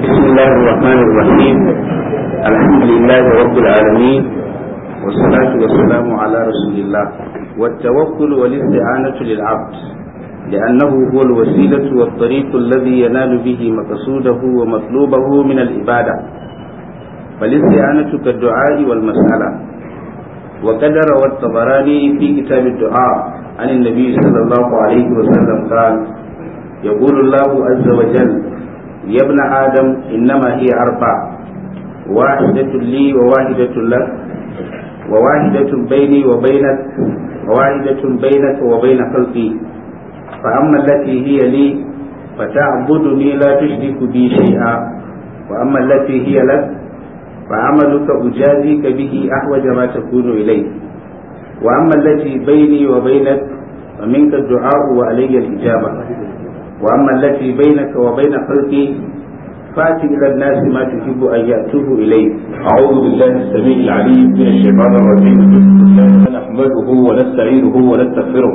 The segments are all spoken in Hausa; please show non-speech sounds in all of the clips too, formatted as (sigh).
بسم الله الرحمن الرحيم الحمد لله رب العالمين والصلاة والسلام على رسول الله والتوكل والاستعانة للعبد لأنه هو الوسيلة والطريق الذي ينال به مقصوده ومطلوبه من العبادة فالاستعانة كالدعاء والمسألة وقد روى الطبراني في كتاب الدعاء عن النبي صلى الله عليه وسلم قال يقول الله عز وجل يا ابن آدم إنما هي أربع واحدة لي وواحدة لك وواحدة بيني وبينك وواحدة بينك وبين خلقي فأما التي هي لي فتعبدني لا تشرك بي شيئا وأما التي هي لك فعملك أجازيك به أحوج ما تكون إليه وأما التي بيني وبينك فمنك الدعاء وعلي الإجابة وأما التي بينك وبين خلقي فات إلى الناس ما تحب أن يأتوه إليك أعوذ بالله السميع العليم من الشيطان الرجيم نحمده ونستعينه ونستغفره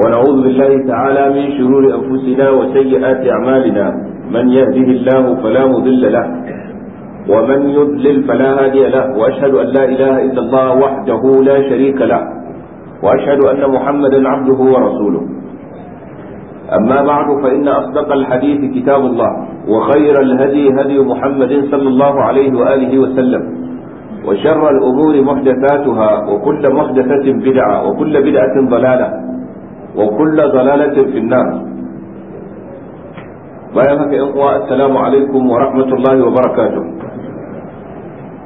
ونعوذ بالله تعالى من شرور أنفسنا وسيئات أعمالنا من يهده الله فلا مضل له ومن يضلل فلا هادي له وأشهد أن لا إله إلا الله وحده لا شريك له وأشهد أن محمدا عبده ورسوله أما بعد فإن أصدق الحديث كتاب الله وخير الهدي هدي محمد صلى الله عليه وآله وسلم وشر الأمور محدثاتها وكل محدثة بدعة وكل بدعة ضلالة وكل ضلالة في النار بيانك إخوة السلام عليكم ورحمة الله وبركاته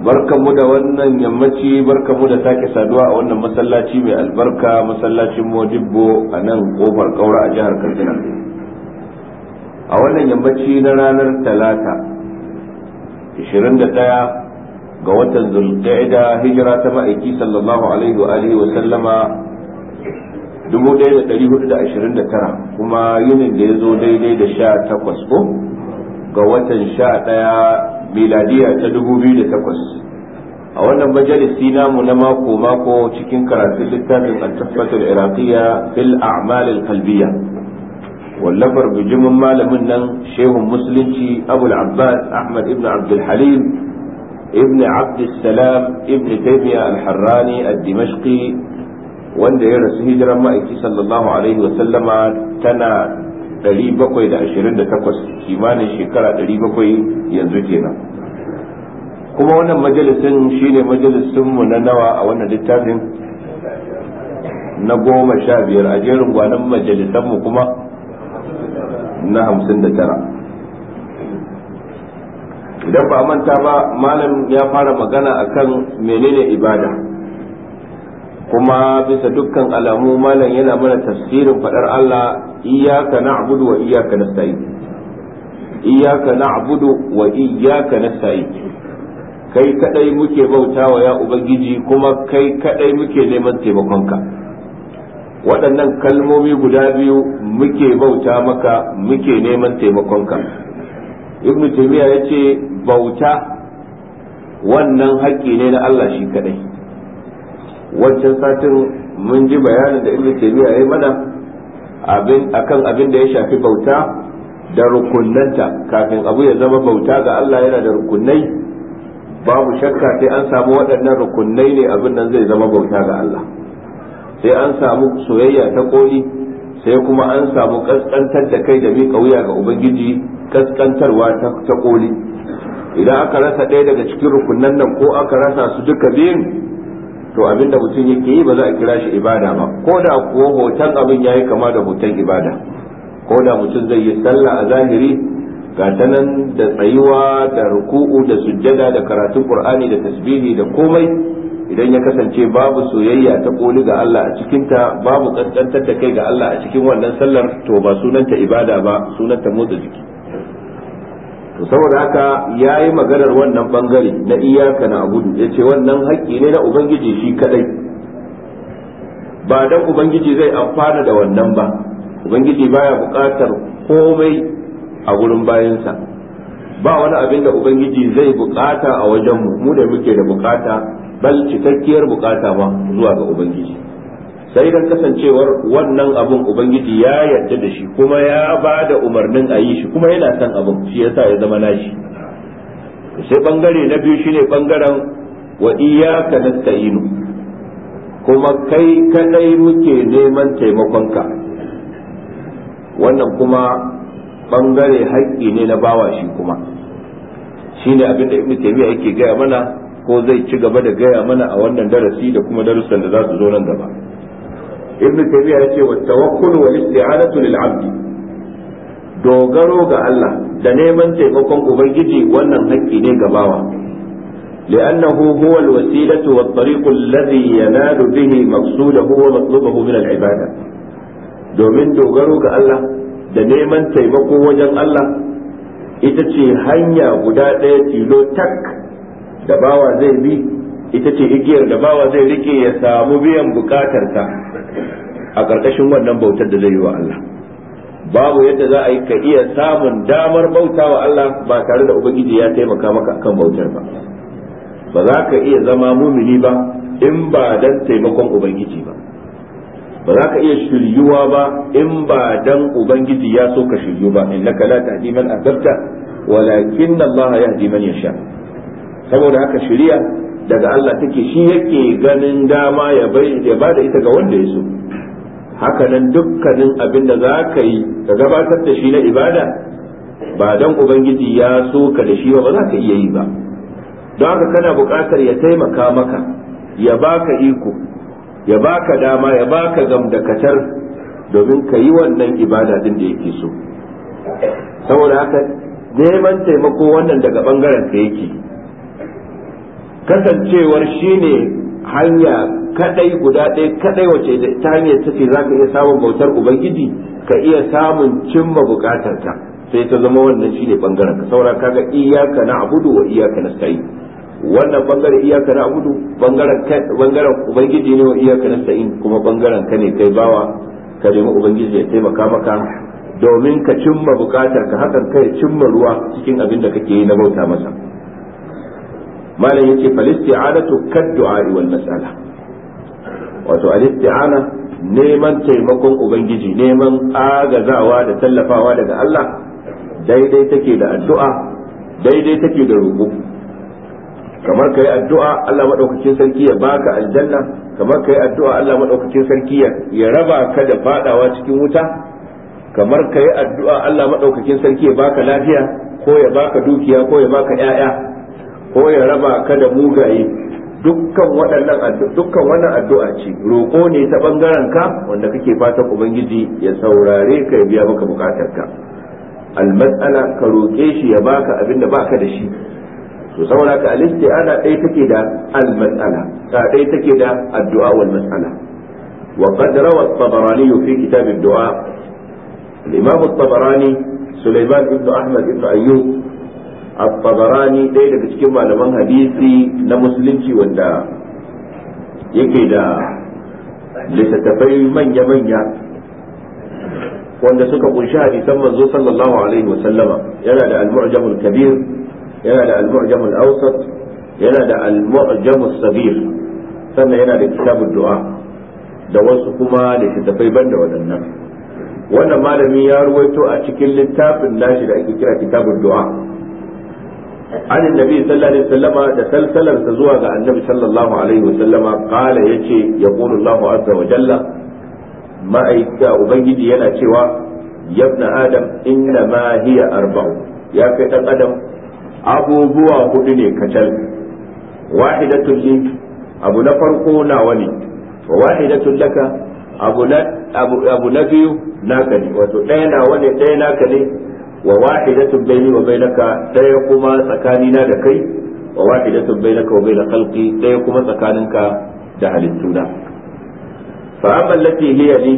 barkamu da wannan yammaci barkamu da sake saduwa a wannan masallaci mai albarka masallacin modibbo a nan kofar kaura a jihar katsina a wannan yammaci na ranar talata 21 ga watan zulqa'ida hijira ta ma'aiki sallallahu alaihi wa alihi wa sallama 1429 kuma yinin da ya zo daidai da 18 ko ga watan 11 miladiya ta 2008 a wannan majalisi namu na mako mako cikin karatun littafin al-tafatul iraqiyya fil a'mal al-qalbiyya wallafar bijimin malamin nan shehun musulunci abul abbas ahmad ibn abdul halim ibn abd salam ibn taymiya al-harrani ad-dimashqi wanda ya rasu hijiran ma'aiki sallallahu alaihi wa sallama tana 728 kimanin shekara 700 yanzu kenan kuma wannan majalisin ne majalisinmu na nawa a wannan littafin na goma sha biyar a jerin gwanon majalisanmu kuma na hamsin da tara idan ba manta ba malam ya fara magana akan menene ibada kuma bisa dukkan alamu malam yana mana tafsirin faɗar Allah iyyaka na'budu wa iyyaka nasta'in iyyaka na'budu wa iyyaka nasta'in kai kadai muke bautawa ya ubangiji kuma kai kadai muke neman taimakonka waɗannan kalmomi guda biyu muke bauta maka muke neman taimakonka ibnu taymiya yace bauta wannan haƙƙi ne na Allah shi kadai wancan satin mun ji bayanin da ibnu taymiya yayi mana abin akan abin da ya shafi bauta da rukunnanta kafin abu ya zama bauta ga Allah yana da rukunnai babu shakka sai an samu waɗannan rukunnai ne abin nan zai zama bauta ga Allah sai an samu soyayya ta koli sai kuma an samu kaskantar da kai da miƙa wuya ga ubangiji kaskantarwa ta koli idan aka rasa ɗaya daga cikin rukunnan nan ko aka rasa su duka biyun to abin da mutum yake yi ba za a kira shi ibada ba ko da kuwa hoton abin ya yi kama da hoton ibada ko da mutum zai yi sallah a zahiri ga ta nan da tsayuwa da ruku'u da sujjada da karatun qur'ani da tasbihi da komai idan ya kasance babu soyayya ta koli ga Allah a cikinta babu kaskantar da kai ga Allah a cikin wannan sallar to ba sunanta ibada ba sunanta motsa jiki saboda haka ya yi maganar wannan bangare na iyaka na abudu yace wannan hakki ne na ubangiji shi kadai ba dan ubangiji zai amfana da wannan ba ubangiji baya buƙatar komai a gurin bayansa ba wani abin da ubangiji zai buƙata a wajen mu mu da muke da buƙata bal cikakkiyar buƙata ba zuwa ga ubangiji sai dan kasancewar wannan abun ubangiji ya yarda da shi kuma ya ba da umarnin a yi shi kuma yana son abun shi yasa ya zama nashi sai bangare na biyu shine bangaren wa iyyaka nasta'inu kuma kai kadai muke neman taimakonka wannan kuma bangare haƙƙi ne na bawa shi kuma shine abin da ibnu taymiya yake gaya mana ko zai ci gaba da gaya mana a wannan darasi da kuma darussan da za su zo nan gaba ibn taymiya yace wa tawakkul wal isti'anatu lil 'abd dogaro ga Allah da neman taimakon ubangiji wannan hakki ne ga bawa لأنه هو الوسيلة والطريق الذي ينال به مقصوده ومطلوبه من العبادة domin dogaro ga Allah da neman taimako wajen Allah ita ce hanya guda ɗaya tilo tak da bawa zai bi ita ce igiyar da bawa zai rike ya samu biyan bukatarsa a ƙarƙashin wannan bautar da zai yi wa Allah babu yadda za a yi ka iya samun damar bauta wa Allah ba tare da ubangiji ya taimaka maka akan bautar ba ba za ka iya zama mumini ba in ba dan taimakon ubangiji ba ba za ka iya shiryuwa ba in ba dan ubangiji ya so ka shiryu ba innaka la tahdi man ahbabta walakin Allah yahdi man yasha saboda haka shiriya daga Allah take shi yake ganin dama ya ba da bada ita ga wanda ya so haka nan dukkanin abin da za ka yi ka gabatar da shi na ibada ba dan ubangiji ya so ka da shi ba ba za ka iya yi ba don haka kana buƙatar ya taimaka maka ya baka iko ya baka dama ya baka gamdakatar domin ka yi wannan ibada din da yake so saboda haka neman taimako wannan daga ɓangaren ka yake kasancewar shine hanya kadai guda ɗaya kadai wace ta hanyar take za ka iya samun bautar ubangiji ka iya samun cimma bukatarka sai ta zama wannan shine bangaren ka saura kaga iyaka na abudu wa iyaka na sa'i wannan bangare iyaka na abudu bangaren ubangiji ne wa iyaka na sa'i kuma bangaren ka ne kai bawa ka nemi ubangiji ya taimaka maka domin ka cimma bukatarka ka hakan kai cimma ruwa cikin abin da kake yi na bauta masa malam yace kad du'a wal mas'ala wato alisti'ana neman taimakon ubangiji neman agazawa da tallafawa daga Allah daidai take da addu'a daidai take da roƙo kamar kai addu'a Allah madaukakin sarki ya baka aljanna kamar kai addu'a Allah madaukakin sarki ya raba ka da fadawa cikin wuta kamar kai addu'a Allah madaukakin sarki ya baka lafiya ko ya baka dukiya ko ya baka 'ya'ya ko ya raba ka da mugaye dukkan waɗannan dukkan wannan addu'a ce roƙo ne ta bangaren ka wanda kake fatan ubangiji ya saurare ka ya biya maka ka. almas'ala ka roƙe shi ya baka abin da baka da shi to saboda ka alisti ana ɗaya take da almas'ala ta ɗaya take da addu'a wal mas'ala wa qad rawa at-tabarani fi kitab ad-du'a al-imam at-tabarani Sulaiman ibn Ahmad ibn Ayyub Abbabarani tabarani ɗaya daga cikin malaman hadisi na musulunci wanda yake da littattafai manya-manya wanda suka kunshi hadisan manzo sallallahu alaihi wa sallama yana da al-mu'jam al-kabir yana da al-mu'jam al-awsat yana da al-mu'jam al-saghir sannan yana da kitabud du'a da wasu kuma littattafai banda waɗannan wannan malami ya ruwaito a cikin littafin nashi da ake kira kitabud du'a عن النبي صلى الله عليه وسلم ده سلسلة تزوى النبي صلى الله عليه وسلم قال يجي يقول الله عز وجل ما أيك أبيدي ينا شوى يا ابن ادم انما هي اربع يا كتب آدم ابو بوا هدني كتل واحدة ابو أبو نفرقونا ولي وواحدة لك ابو أبو ابو نبي ناكني وتدينا ولي دينا كني wa wahidatun bayni wa bainaka daya kuma tsakanina da kai wa wahidatun bainaka wa bainal khalqi daya kuma tsakaninka da halittuna fa amma lati hiya li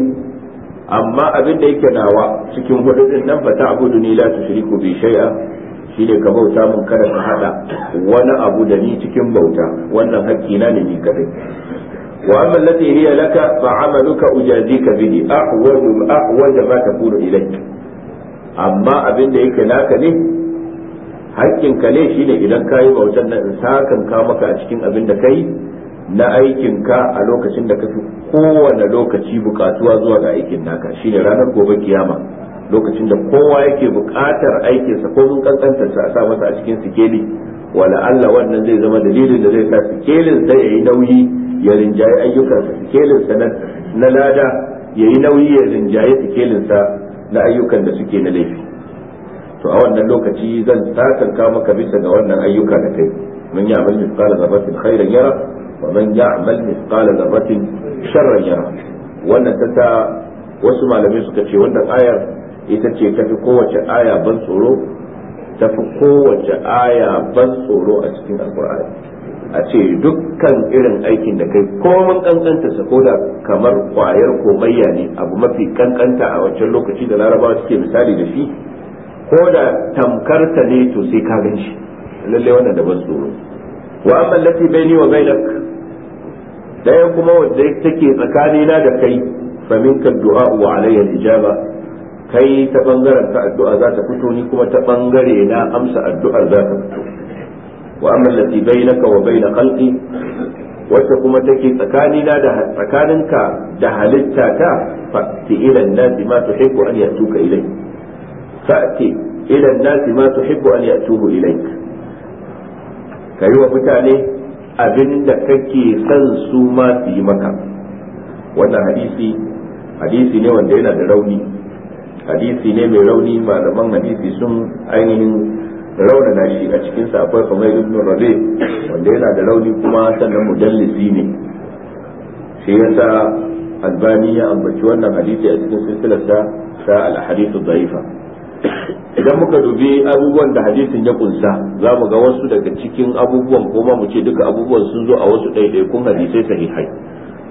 amma abin da yake nawa cikin hudu din nan ta abudu ni la tushriku bi shay'a shine ka bauta mun kada ka hada wani abu da ni cikin bauta wannan hakki na ne ni kadai wa amma lati hiya laka fa amaluka ujadika bihi ahwaju ahwaju ma takunu ilayka amma abin da yake naka ne hakkin ka ne shine idan kayi bautar nan in sakan ka maka a cikin abin da kai na aikin ka a lokacin da kafi kowane lokaci bukatuwa zuwa ga aikin naka shine ranar gobe kiyama lokacin da kowa yake bukatar aikinsa ko mun kankantar sa a sa masa a cikin sikeli wala Allah wannan zai zama dalilin da zai sa sikelin sa yayi nauyi ya rinjaye ayyukan sa sikelin sa na lada yayi nauyi ya rinjaye sikelin sa na ayyukan da suke na laifi to a wannan lokaci zan sakanka maka bisa ga wannan ayyuka da kai man ya'mal mithqala dharratin khairan yara wa man ya'mal mithqala dharratin sharran yara wannan ta ta wasu malamai suka ce wannan ayar ita ce fi kowace aya ban tsoro fi kowace aya ban tsoro a cikin alqur'ani a ce dukkan irin aikin da kai komin kankanta sa ko da kamar kwayar komayya ne abu mafi kankanta a wancan lokaci da larabawa suke misali da shi ko da tamkarta ne to sai ka gan shi lalle wannan da ban tsoro wa amma lati baini wa bainak ɗaya kuma wanda take tsakanina da kai fa minka du'a wa alayya ijaba kai ta bangaren ka addu'a za ta fito ni kuma ta bangare na amsa addu'ar za ta fito wa amma na bainaka wa bain khalqi wacce kuma take tsakanina da tsakaninka da halitta ta fa'ti ila an-nas ma tuhibbu an yatuka ilayk fa'ti ila an yatuhu ilayk kai wa mutane abinda kake son su ma su yi maka wannan hadisi hadisi ne wanda yana da rauni hadisi ne mai rauni malaman hadisi sun ainihin raunana shi a cikin safai akwai kamar ibn rabi wanda yana da rauni kuma sannan mudallisi ne shi yasa albani ya ambaci wannan hadisi a cikin silsilar ta al-hadithu dhaifa idan muka dubi abubuwan da hadisin ya kunsa za mu ga wasu daga cikin abubuwan ko mu ce duka abubuwan sun zo a wasu ɗaiɗaikun hadisai sahihai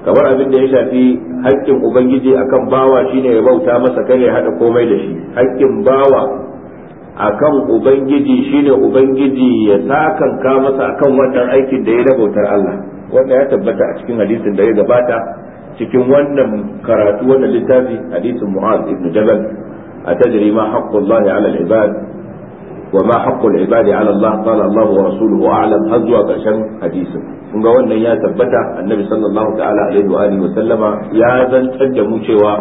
kamar abin da ya shafi haƙƙin ubangiji akan bawa shine ya bauta masa kare hada komai da shi haƙƙin bawa akan ubangiji shine ubangiji ya sakanka masa akan wannan aikin da ya rabautar Allah wanda ya tabbata a cikin hadisin da ya gabata cikin wannan karatu wannan littafi hadisin Mu'az ibn Jabal atajri ma haqqullahi 'ala al-ibad wa ma haqqul ibadi 'ala Allah qala Allah wa rasuluhu a'lam har zuwa ƙarshen hadisin kun ga wannan ya tabbata annabi sallallahu ta'ala alaihi wa alihi wa sallama ya zantar da mu cewa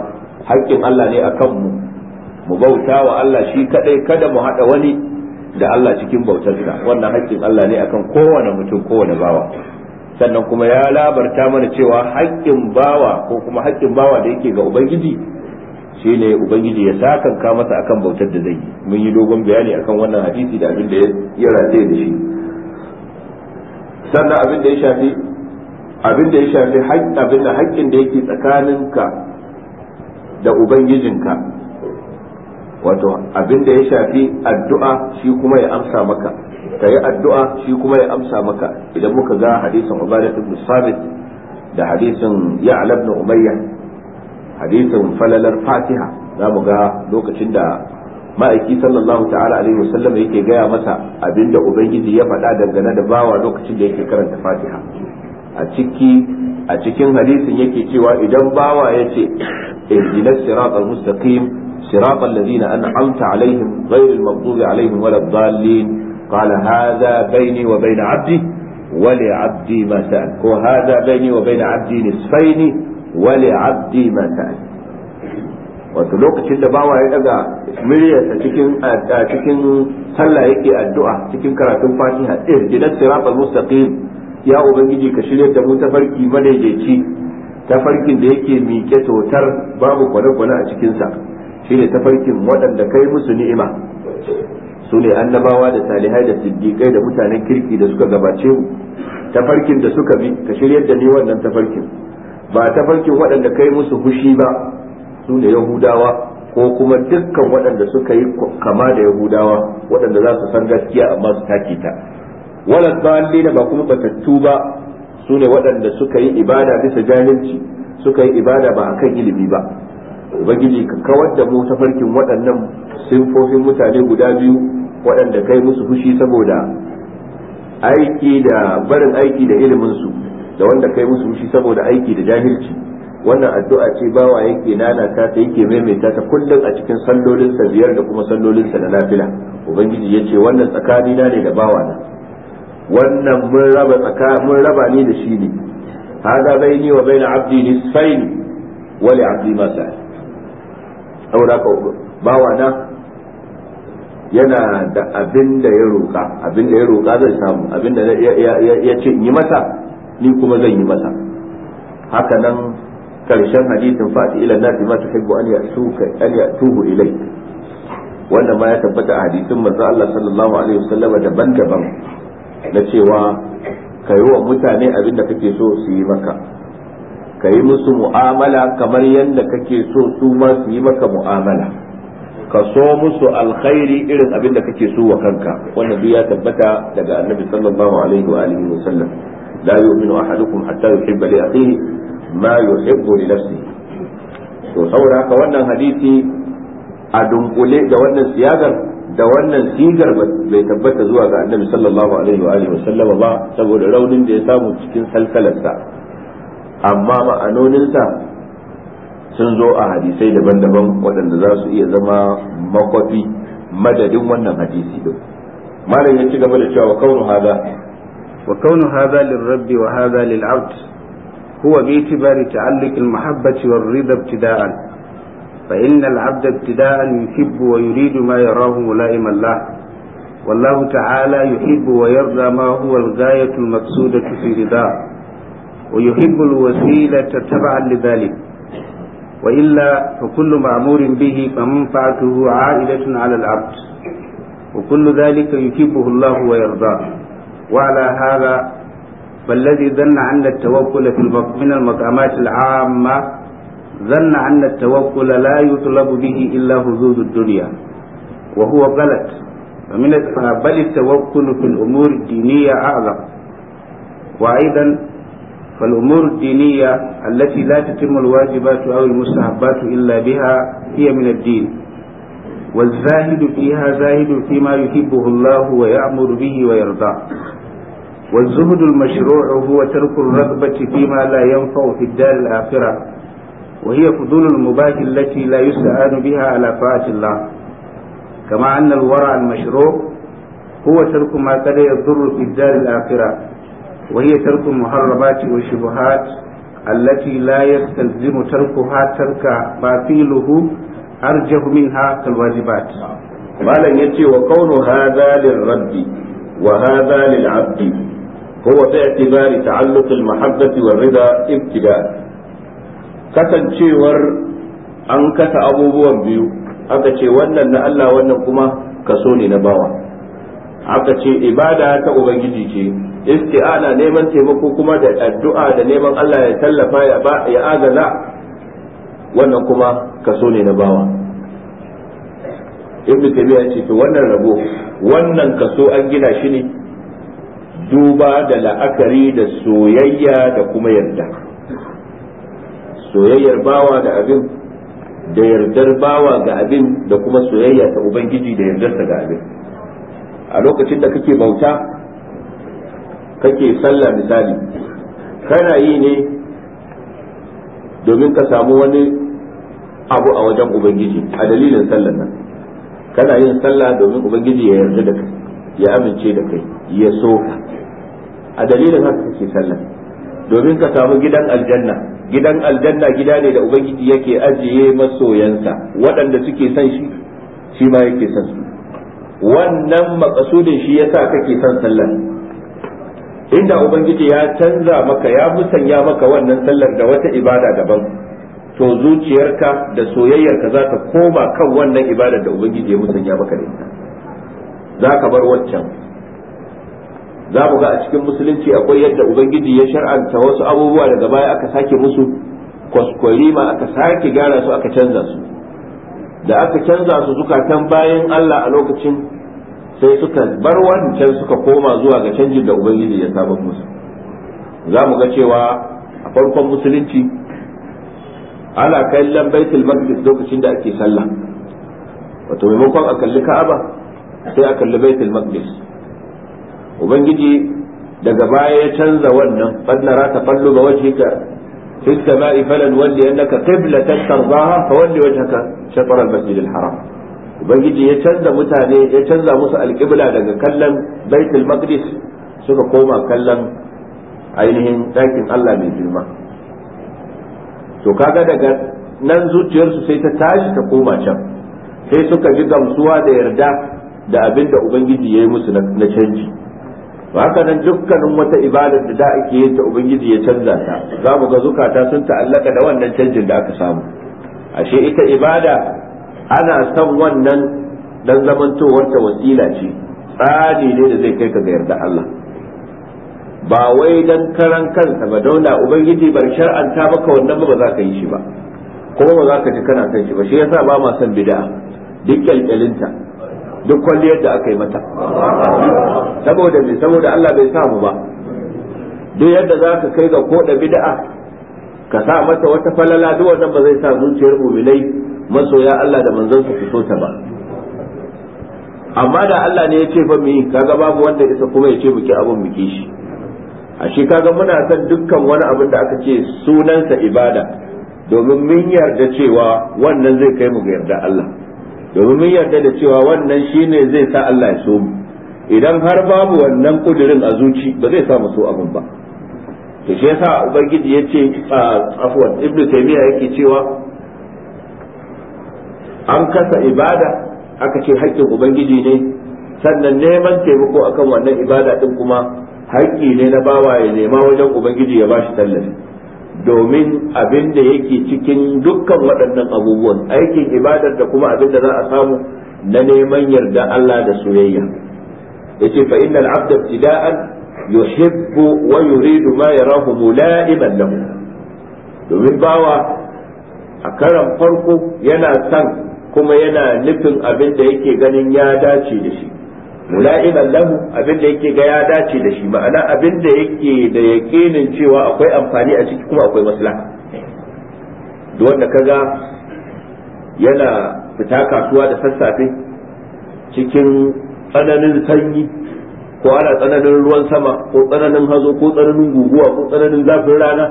haƙƙin Allah ne akan mu mu bauta wa Allah shi kadai kada mu hada wani da Allah cikin bautarsa wannan haƙƙin Allah ne akan kowane mutum kowane bawa sannan kuma ya labarta mana cewa haƙƙin bawa ko kuma haƙƙin bawa da yake ga ubangiji shine ubangiji ya sakanka masa akan bautar da zai yi mun yi dogon bayani akan wannan hadisi da abin da ya rataye da shi sannan abin da ya shafi abin da ya shafi haƙƙin da yake tsakaninka da ubangijinka wato abin da ya shafi addu'a shi kuma ya amsa maka ka yi addu'a shi kuma ya amsa maka idan muka ga hadisin ubadat ibn sabit da hadisin ya'la ibn umayya hadisin falalar fatiha za mu ga lokacin da ma'aiki sallallahu ta'ala alaihi wasallam yake gaya masa abin da ubangiji ya faɗa dangane da bawa lokacin da yake karanta fatiha a ciki a cikin hadisin yake cewa idan bawa ya ce اهدنا الصراط المستقيم صراط الذين أنعمت عليهم غير المغضوب عليهم ولا الضالين قال هذا بيني وبين عبدي ولعبدي ما سأل وهذا بيني وبين عبدي نصفين ولعبدي ما سأل wato lokacin da bawa ya daga muryarsa cikin cikin sallah yake addu'a cikin karatun fatiha din dinas siratal mustaqim ya ubangiji ka shirya da mu tafarki madaidaici tafarkin da yake miƙe totar babu kwane-kwane a cikinsa shine tafarkin waɗanda kai musu ni'ima su ne annabawa da salihai da siddiƙai da mutanen kirki da suka gabace mu tafarkin da suka bi ka shiryar da ni wannan tafarkin ba tafarkin waɗanda kai musu hushi ba su ne yahudawa ko kuma dukkan waɗanda suka yi kama da yahudawa waɗanda za su san gaskiya amma su take ta wala da ba kuma batattu ba su ne waɗanda suka yi ibada bisa jahilci suka yi ibada ba a kan ilimi ba ubangiji ka kawar da mu ta farkin waɗannan sinfofin mutane guda biyu waɗanda kai musu fushi saboda aiki da barin aiki da ilimin su da wanda kai musu fushi saboda aiki da jahilci wannan addu'a ce bawa yake nanata ta yake maimaita ta kullum a cikin sallolinsa biyar da kuma sallolinsa na nafila ubangiji ya ce wannan tsakanina ne da bawa na. wannan mun raba tsaka mun raba ni da shi ne hada baini wa baina abdi nisfaini wa li abdi ma sa'al saboda ka bawa na yana da abin da ya roka abin da ya roka zai samu abin da ya ce yi masa ni kuma zan yi masa haka nan karshen hadisin fati ila nasi ma tuhibbu an yasuka an yatuhu ilayk wannan ma ya tabbata a hadisin manzo Allah sallallahu alaihi wasallam daban-daban na cewa ka yi wa mutane abin da kake so su yi maka ka yi musu mu'amala kamar yadda kake so su ma su yi maka mu'amala ka so musu alkhairi irin abin da kake so wa kanka wannan duk ya tabbata daga annabi sallallahu alaihi wa alihi wa sallam la yu'minu ahadukum hatta yuhibba li akhihi ma yuhibbu li nafsihi to saboda haka wannan hadisi a dunkule da wannan siyagar da wannan sigar bai tabbata zuwa ga annabi sallallahu alaihi wa alihi sallama ba saboda raunin da ya samu cikin salsalarsa amma ma'anoninsa sun zo a hadisai daban-daban waɗanda za su iya zama makwafi madadin wannan hadisi din malam ya ci gaba da cewa kaunu hada wa kaunu hada lirabbi wa hada lil'abd huwa bi tibari ta'alluq mahabbati war-ridha ibtida'an فإن العبد ابتداء يحب ويريد ما يراه ملائما له والله تعالى يحب ويرضى ما هو الغاية المقصودة في رضاه ويحب الوسيلة تبعا لذلك وإلا فكل مأمور به فمنفعته عائدة على العبد وكل ذلك يحبه الله ويرضاه وعلى هذا فالذي ظن عند التوكل في من المقامات العامة ظن أن التوكل لا يطلب به إلا حدود الدنيا وهو غلط فمن بل التوكل في الأمور الدينية أعظم وأيضا فالأمور الدينية التي لا تتم الواجبات أو المستحبات إلا بها هي من الدين والزاهد فيها زاهد فيما يحبه الله ويأمر به ويرضاه والزهد المشروع هو ترك الرغبة فيما لا ينفع في الدار الآخرة وهي فضول المباح التي لا يستعان بها على طاعة الله كما أن الورع المشروع هو ترك ما قد يضر في الدار الآخرة وهي ترك المحرمات والشبهات التي لا يستلزم تركها ترك باطله أرجه منها كالواجبات ما ya يأتي وكون هذا للرد وهذا للعبد هو lil'abdi huwa bi'tibari ta'alluq al kasancewar an kasa abubuwan biyu aka ce wannan na Allah wannan kuma kaso ne na bawa aka ce ibada ta ubangiji ce isti'ana neman taimako kuma da addu'a da neman Allah ya tallafa ya agaza wannan kuma kaso ne na bawa ibnu taymiya ce to wannan rabo wannan kaso an gina shi ne duba da la'akari da soyayya da kuma yarda soyayyar bawa da abin da yardar bawa ga abin da kuma soyayya ta ubangiji da yardarsa ga abin a lokacin da kake bauta kake sallah misali kana yi ne domin ka samu wani abu a wajen ubangiji a dalilin sallar nan kana yin sallah domin ubangiji ya yarda da kai ya amince da kai ya so ka a dalilin haka kake sallah domin ka samu gidan aljanna gidan aljanna gida ne da ubangiji yake ajiye masoyansa waɗanda suke son shi shi ma yake son su wannan makasudin shi yasa kake son sallar inda ubangiji ya canza maka ya musanya maka wannan sallar da wata ibada daban to zuciyarka da soyayyarka za ta koma kan wannan ibada da ubangiji ya musanya maka da ita za ka bar waccan za mu ga a cikin musulunci akwai yadda ubangiji ya shar'anta wasu abubuwa daga baya aka sake musu kwaskwarima aka sake gyara su aka canza su da aka canza su zukatan bayan Allah a lokacin sai suka bar wancan suka koma zuwa ga canjin da ubangiji ya saba musu za mu ga cewa a farkon musulunci ana kallon baitul maqdis lokacin da ake sallah wato maimakon a kalli ka'aba sai a kalli baitul maqdis ubangiji daga baya ya canza wannan fallara ta fallu ga wajhika fi samai falan wanda yannaka qiblatan tardaha fa walli wajhaka shatr al-masjid al-haram ubangiji ya canza mutane ya canza musu alqibla daga kallon baitul maqdis suka koma kallon ainihin ɗakin Allah mai girma to kaga daga nan zuciyarsu sai ta tashi ta koma can sai suka ji gamsuwa da yarda da abin da ubangiji ya yi musu na canji haka nan dukkanin wata ibadar da da ake yin ta ubangiji ya canza ta za mu ga zukata sun ta'allaka da wannan canjin da aka samu ashe ita ibada ana san wannan dan zamantowar ta wasila ce tsari ne da zai kai ka ga yarda Allah ba wai dan karan kansa ba dauna ubangiji bar shar'anta baka wannan ba za ka yi shi ba kuma ba za ka ji kana kai shi ba shi yasa ba ma son bid'a duk kyalkyalinta duk kwalliyar da aka yi mata saboda me saboda Allah bai samu ba duk yadda za ka kai ga koda bid'a ka sa mata wata falala duk wannan ba zai sa zuciyar mu'minai masoya Allah da manzon su fito ta ba amma da Allah ne ya ce ba mu yi, kaga babu wanda isa kuma ya ce muke abun muke shi A shi kaga muna san dukkan wani abin da aka ce sunansa ibada domin mun yarda cewa wannan zai kai mu ga yarda Allah domin mun yarda da cewa wannan shine zai sa Allah ya so mu idan har babu wannan kudirin a zuci ba zai sa mu so abin ba to shi yasa ubangiji a afwan ibnu taymiya yake cewa an kasa ibada aka ce haƙƙin ubangiji ne sannan neman taimako akan wannan ibada din kuma haƙƙi ne na bawa ya nema wajen ubangiji ya bashi tallafi domin abin da yake cikin dukkan waɗannan abubuwan aikin ibadar da kuma abin da za a samu na neman yarda Allah da soyayya yace fa innal abda ibtida'an yuhibbu wa yuridu ma yarahu mula'iman lahu domin bawa a karan farko yana san kuma yana nufin abin da yake ganin ya dace da shi mula'iman lahu abin da yake ga ya dace da shi ma'ana abin da yake da yaƙinin cewa akwai amfani a ciki kuma akwai maslaha duk wanda kaga yana fita kasuwa da sassafe cikin tsananin sanyi ko ana tsananin ruwan sama ko tsananin hazo ko tsananin guguwa ko tsananin zafin rana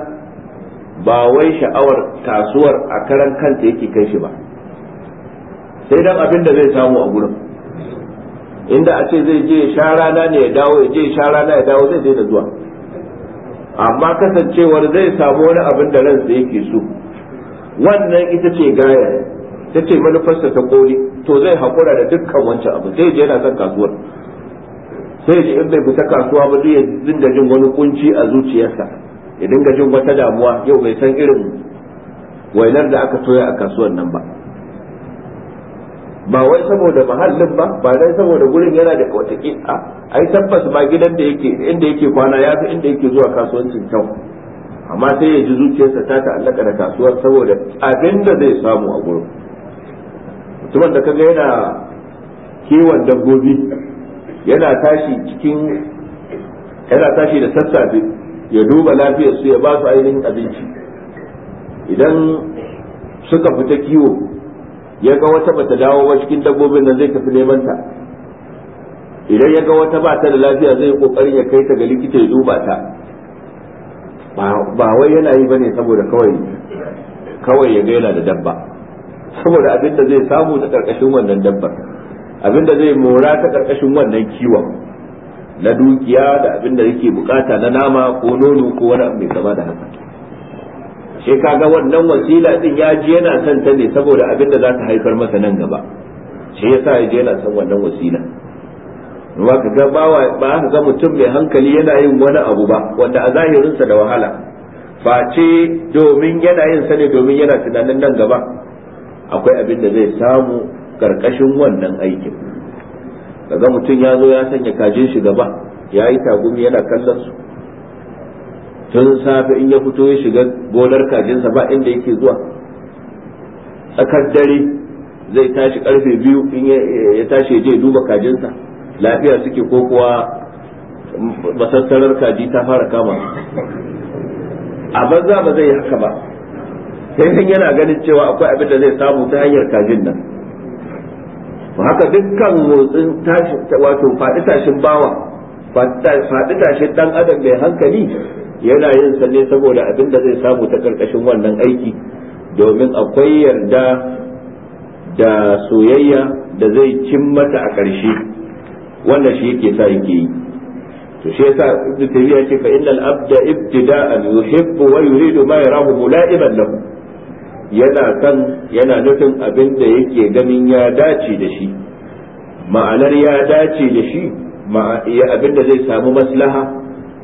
ba wai sha'awar kasuwar a karan kanta yake kai shi ba sai dan abin da zai samu a gurin inda a ce zai je sha rana ne ya dawo ya je sha rana ya dawo zai daina zuwa amma kasancewar zai samu wani abin da ransa yake so wannan ita ce gaya ta ce manufarsa ta koli to zai haƙura da dukkan wancan abu zai je yana son kasuwar sai je in bai fita kasuwa ba zai dinga jin wani kunci a zuciyarsa ya dinga jin wata damuwa yau bai san irin wainar da aka toya a kasuwar nan ba ba wai saboda mahallin ba ba dai saboda gurin yana da wataki a ai tabbas ba gidan da yake inda yake kwana ya fi inda yake zuwa kasuwancin kyau amma sai ya ji zuciyarsa ta ta'allaka da kasuwar saboda abin da zai samu a gurin mutumin da kaga yana kiwon dabbobi yana tashi cikin yana tashi da sassafe ya duba lafiyar su ya ba su ainihin abinci idan suka fita kiwo ya ga wata bata dawo ba cikin dabbobin nan zai tafi neman ta idan ya ga wata ba ta da lafiya zai kokarin ya kai ta ga likita ya duba ta ba wai yana yi bane saboda kawai kawai ya ga yana da dabba saboda abin da zai samu ta karkashin wannan dabbar abin da zai mora ta karkashin wannan kiwon na dukiya da abin da yake bukata na nama ko nono ko wani abu mai zama da haka Ka kaga wannan wasila din ya ji yana son ta ne saboda abin da za ta haifar masa nan gaba shi yasa ya ji yana son wannan wasila ba ka ga ba ka ga mutum mai hankali yana yin wani abu ba wanda a zahirinsa da wahala face domin yana yin sa ne domin yana tunanin nan gaba akwai abin da zai samu karkashin wannan aikin kaga mutum ya zo ya sanya kajin shi gaba ya yi tagumi yana kallon su tun safe in ya fito ya shiga gonar kajinsa ba inda yake zuwa tsakar dare zai tashi karfe biyu in ya tashi je duba kajinsa lafiya suke ko kuwa basassarar kaji ta fara kama a banza ba zai yi haka ba sai yana ganin cewa akwai abin da zai samu ta hanyar kajin nan haka dukkan motsin tashi wato faɗi tashin bawa faɗi tashin ɗan adam mai hankali yana yin sa ne saboda abin da zai samu ta karkashin wannan aiki domin akwai yarda da soyayya da zai ta a ƙarshe wannan shi yake sa yake yi to shi yasa ibnu tayyiba ce fa innal abda ibtida'an yuhibbu wa yuridu ma yarahu mula'iban lahu yana san yana nufin abin da yake ganin ya dace da shi ma'anar ya dace da shi abin da zai samu maslaha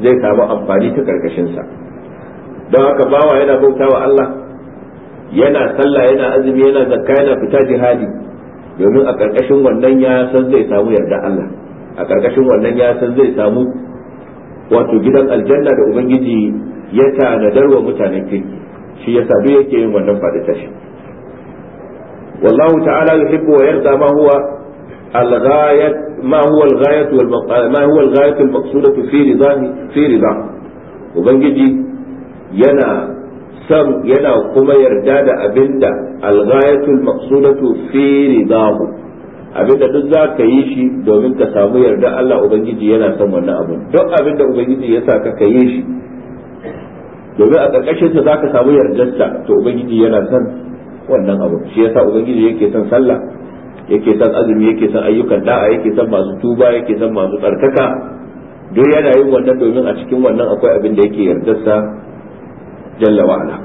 zai samu amfani ta karkashinsa don haka bawa yana bauta wa Allah yana sallah yana azumi yana zakka yana fita jihadi domin a karkashin wannan ya san zai samu yarda Allah a karkashin wannan ya san zai samu wato gidan aljanna da ubangiji ya tanadar wa mutanen kirki shi ya sabu yake yin wannan faɗi tashi wallahu ta'ala yuhibbu wa yarda ma huwa الغاية ما هو الغاية ما هو الغاية المقصودة في رضاه في رضاه وبنجي ينا سم ينا كما يرداد أبندا الغاية المقصودة في رضاه abinda دزا za دومين yi shi domin ka samu yarda Allah Ubangiji yana son wannan abin duk abinda Ubangiji ya ka yi domin a ƙarƙashin sa zaka samu yardarsa to Ubangiji yana son wannan abu shi yasa Ubangiji yake son sallah yake son azumi yake son ayyukan da'a yake son masu tuba yake son masu tsarkaka duk yana yin wannan domin a cikin wannan akwai abin da yake yardarsa jalla wa'ala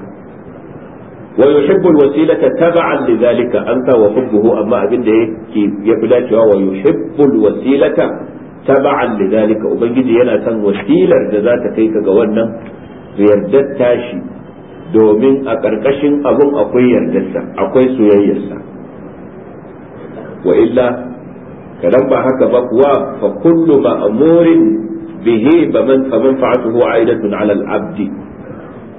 wa yuhibbu alwasilata tab'an lidhalika an ta wa hubbuhu amma abin da yake ya fi dacewa wa yuhibbu alwasilata tab'an lidhalika ubangiji yana san wasilar da za ta kai ka ga wannan yardar tashi domin a ƙarƙashin abun akwai yardarsa akwai soyayyarsa wa illa kadan ba haka ba kuwa fa kullu ma'murin bihi ba man fa manfa'atuhu aidatun 'ala al-'abd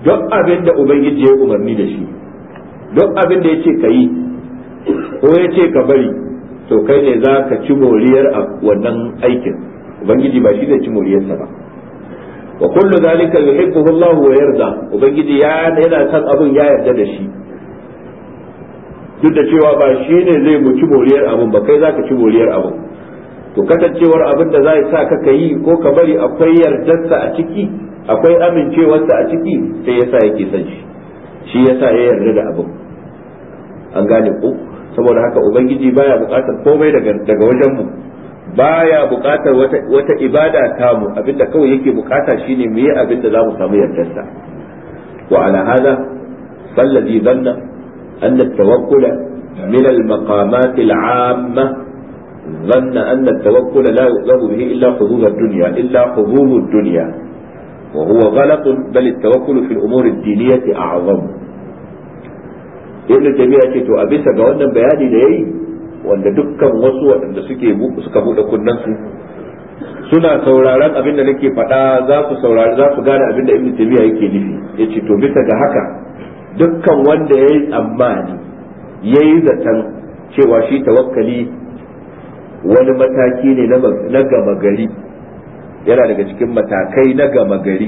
duk abin da ubangiji ya umarni da shi duk abin da yace kai ko yace ka bari to kai ne za ka ci moriyar wannan aikin ubangiji ba shi zai ci moriyarsa ba wa kullu zalika yuhibbuhu Allah wa yarda ubangiji ya yana san abun ya yarda da shi duk da cewa ba shi ne zai mu ci moriyar abin ba kai zaka ci moriyar abin to kasancewar abin da zai sa ka yi ko ka bari akwai yardarsa a ciki akwai amincewarsa a ciki sai yasa yake son shi shi yasa ya yarda da abin an gane ku saboda haka ubangiji baya bukatar komai daga daga wajen mu baya bukatar wata wata ibada mu abinda kawai yake bukata shine mu yi abinda za mu samu yardarsa wa ala hada fallazi dhanna أن التوكل من المقامات العامة ظن أن التوكل لا يؤذن به إلا حظوظ الدنيا إلا حظوظ الدنيا وهو غلط بل التوكل في الأمور الدينية أعظم ibn tabiya ce to a bisa ga wannan bayani da wanda dukkan wasu waɗanda suka buɗe kunnen suna sauraron abin da nake faɗa za su saurari za su gane nufi to bisa ga haka dukkan wanda ya yi tsammani ya yi zaton cewa shi tawakkali wani mataki ne na gama gari yana daga cikin matakai na gama gari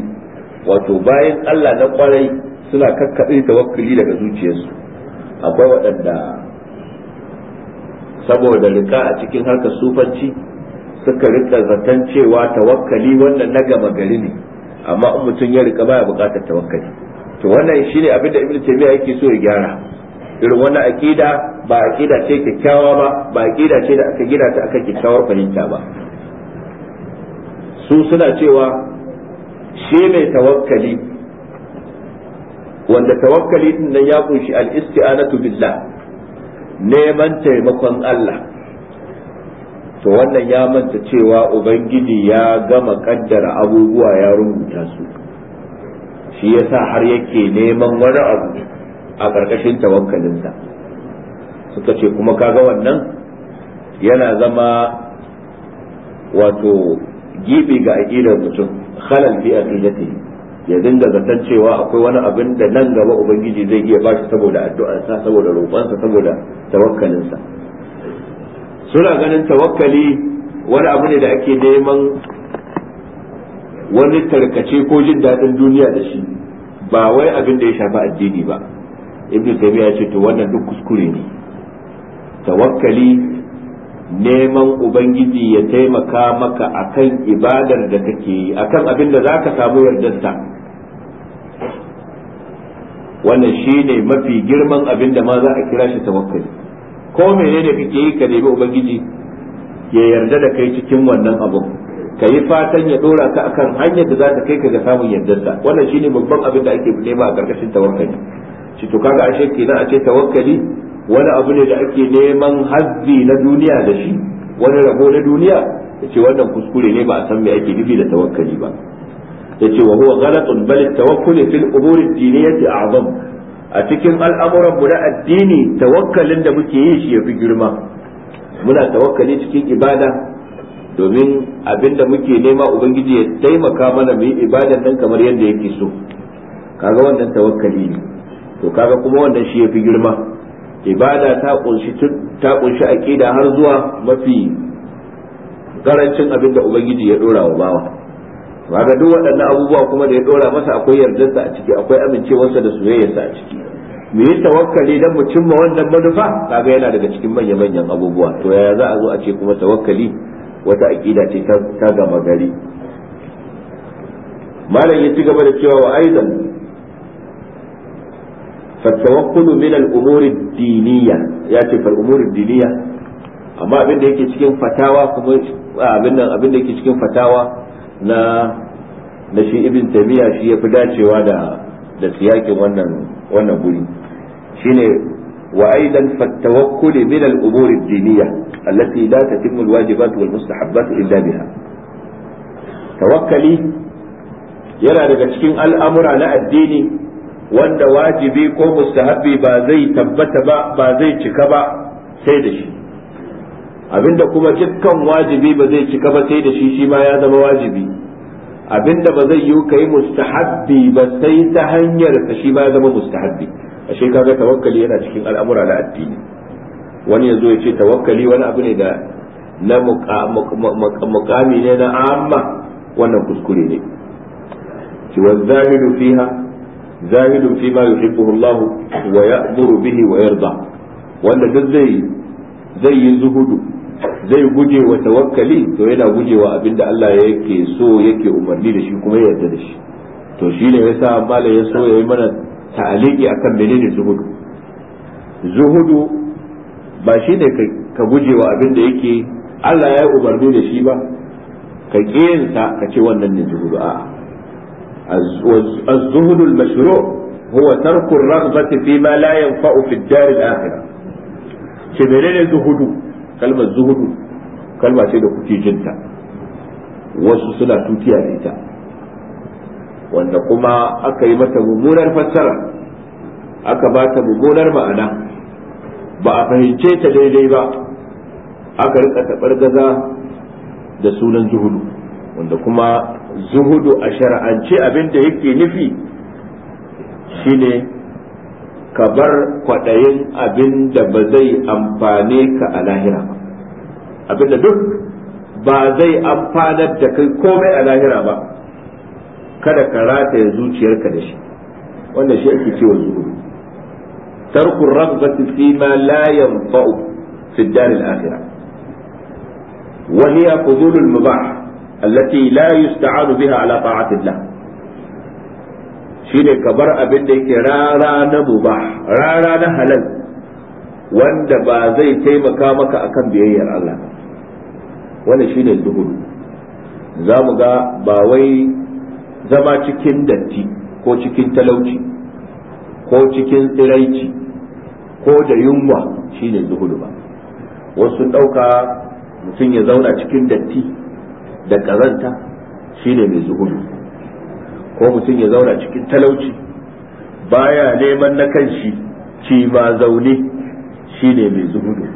wato bayan Allah na kwarai suna kakkaɓe tawakkali daga zuciyarsu akwai waɗanda saboda rika a cikin harkar sufanci suka rika zaton cewa tawakkali wannan na gama gari ne amma in mutum ya rika baya buƙatar tawakkali to wannan shi abin da ibn taymiya yake so ya gyara irin wannan aqida ba aqida ce kyakkyawa ba ba aqida ce da aka gina ta akan kyakkyawar fahimta ba su suna cewa shi mai tawakkali wanda tawakkali din nan ya kunshi al-isti'anatu billah neman taimakon Allah to wannan ya manta cewa ubangiji ya gama kaddara abubuwa ya rubuta su shi yasa har yake neman wani abu a ƙarƙashin tawakkalinsa suka ce kuma kaga wannan yana zama wato gibi ga aƙidar mutum khalal fi aqidati ya dinga zaton cewa akwai wani abin da nan gaba ubangiji zai iya bashi saboda addu'arsa saboda roƙonsa saboda tawakkalinsa suna ganin tawakkali wani abu ne da ake neman wani tarkace ko jin daɗin duniya da shi ba wai abin da ya shafi addini ba ibn taymiya ce to wannan duk kuskure ne tawakkali neman ubangiji ya taimaka maka akan ibadar da kake yi akan abin da zaka samu yardarsa wannan shine mafi girman abin da ma za a kira shi tawakkali ko menene kake yi ka nemi ubangiji ya yarda da kai cikin wannan abu ka yi fatan ya dora ka akan hanyar da za ta kai ka ga samun yardarsa wannan shine babban abin da ake nema a karkashin tawakkali shi to kaga ashe kenan a ce tawakkali wani abu ne da ake neman hazzi na duniya da shi wani rabo na duniya yace wannan kuskure ne ba a san me ake nufi da tawakkali ba yace wa huwa ghalatun bal at-tawakkul fil umur ad-diniyyati a'zam a cikin al'amuran mu na addini tawakkalin da muke yi shi yafi girma muna tawakkali cikin ibada domin abinda muke nema ubangiji ya taimaka mana mu yi ibadar nan kamar yadda yake so kaga wannan tawakkali ne to kaga kuma wannan shi yafi girma ibada ta kunshi ta kunshi aqida har zuwa mafi garancin abinda ubangiji ya dora wa bawa kaga duk waɗannan abubuwa kuma da ya dora masa akwai yardarsa a ciki akwai amincewarsa da soyayyarsa a ciki mu yi tawakkali dan mu cimma wannan manufa kaga yana daga cikin manya manyan abubuwa to yaya za a zo a ce kuma tawakkali wata aƙida ce ta gama gari malam ya ci gaba da cewa wa aidan fattawakkulu min al-umuri diniya ya ce fal umuri diniya amma abin da yake cikin fatawa kuma abin nan abin da yake cikin fatawa na na shi ibn tamiya shi ya fi dacewa da da siyakin wannan wannan guri shine وأيضا فالتوكل من الأمور الدينية التي لا تتم الواجبات والمستحبات إلا بها توكلي yana daga cikin al'amura na addini wanda wajibi ko mustahabbi ba zai tabbata ba ba zai cika ba sai da shi abinda kuma dukkan wajibi ba zai cika ba sai da shi shi ma ya zama wajibi abinda ba zai yi mustahabbi ba sai ta hanyar shi ya zama mustahabbi ashe kaga tawakkali yana cikin al'amura na addini wani yazo ya ce tawakkali wani abu ne da na muƙami ne na amma wannan kuskure ne ci wa zahidu fiha zahidu fi ma yuhibbu Allah wa ya'muru bihi wa yarda wanda duk zai zai yi zuhudu zai guje wa tawakkali to yana guje wa abinda Allah yake so yake umarni da shi kuma yarda da shi to shine yasa mala ya so yayi mana ta'aliki akan menene zuhudu zuhudu ba shine ka guje wa abin da yake Allah ya yi umarni da shi ba ka kiyinsa ka ce wannan ne zuhudu a'a az zuhudu al-mashru' huwa tarku ar-raghbati fi ma la yanfa'u fi ad-dar al-akhirah ce menene zuhudu kalmar zuhudu kalma ce da kuke jinta wasu suna tutiya da ita wanda kuma aka yi mata mummunar fassara aka ba ta mummunar ma'ana ba a fahimce ta daidai ba aka rika tabar gaza da sunan zuhudu wanda kuma zuhudu a shara'ance abin da yake nufi shine ka bar kwaɗayin abin da ba zai amfane ka a lahira ba abin da duk ba zai amfanar da kai komai a lahira ba kada ka rataya zuciyarka da shi wannan shi ake cewa zuhudu tarku raghbati fi ma la yanfa'u fi ad-dar al-akhirah wa hiya fudul al-mubah allati la yusta'anu biha ala ta'ati Allah shine bar abin da yake rara na mubah rara na halal wanda ba zai taimaka maka akan biyayyar Allah wannan shine zuhudu za mu ga ba wai zama cikin datti ko cikin talauci ko cikin tsiraici ko da yunwa shine zuhudu ba wasu ɗauka mutum ya zauna cikin datti da ƙazanta shine mai zuhudu ko mutum ya zauna cikin talauci baya neman na kanshi ci ba zaune shine mai zuhudu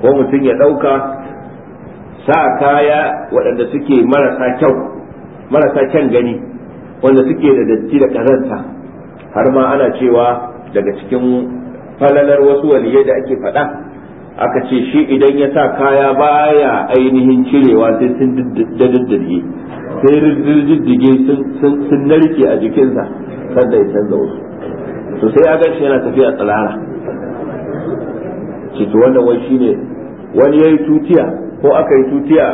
ko mutum ya ɗauka sa kaya waɗanda suke marasa kyau marasa kyan gani wanda suke da datti da kazanta har ma ana cewa daga cikin falalar wasu waliyai da ake faɗa aka ce shi idan ya sa kaya baya ainihin cirewa sai sun diddige sai diddige sun narke a jikinsa sanda ya canza wasu to sai a shi yana tafiya tsirara ciki wannan wai shine wani ya tutiya ko aka yi tutiya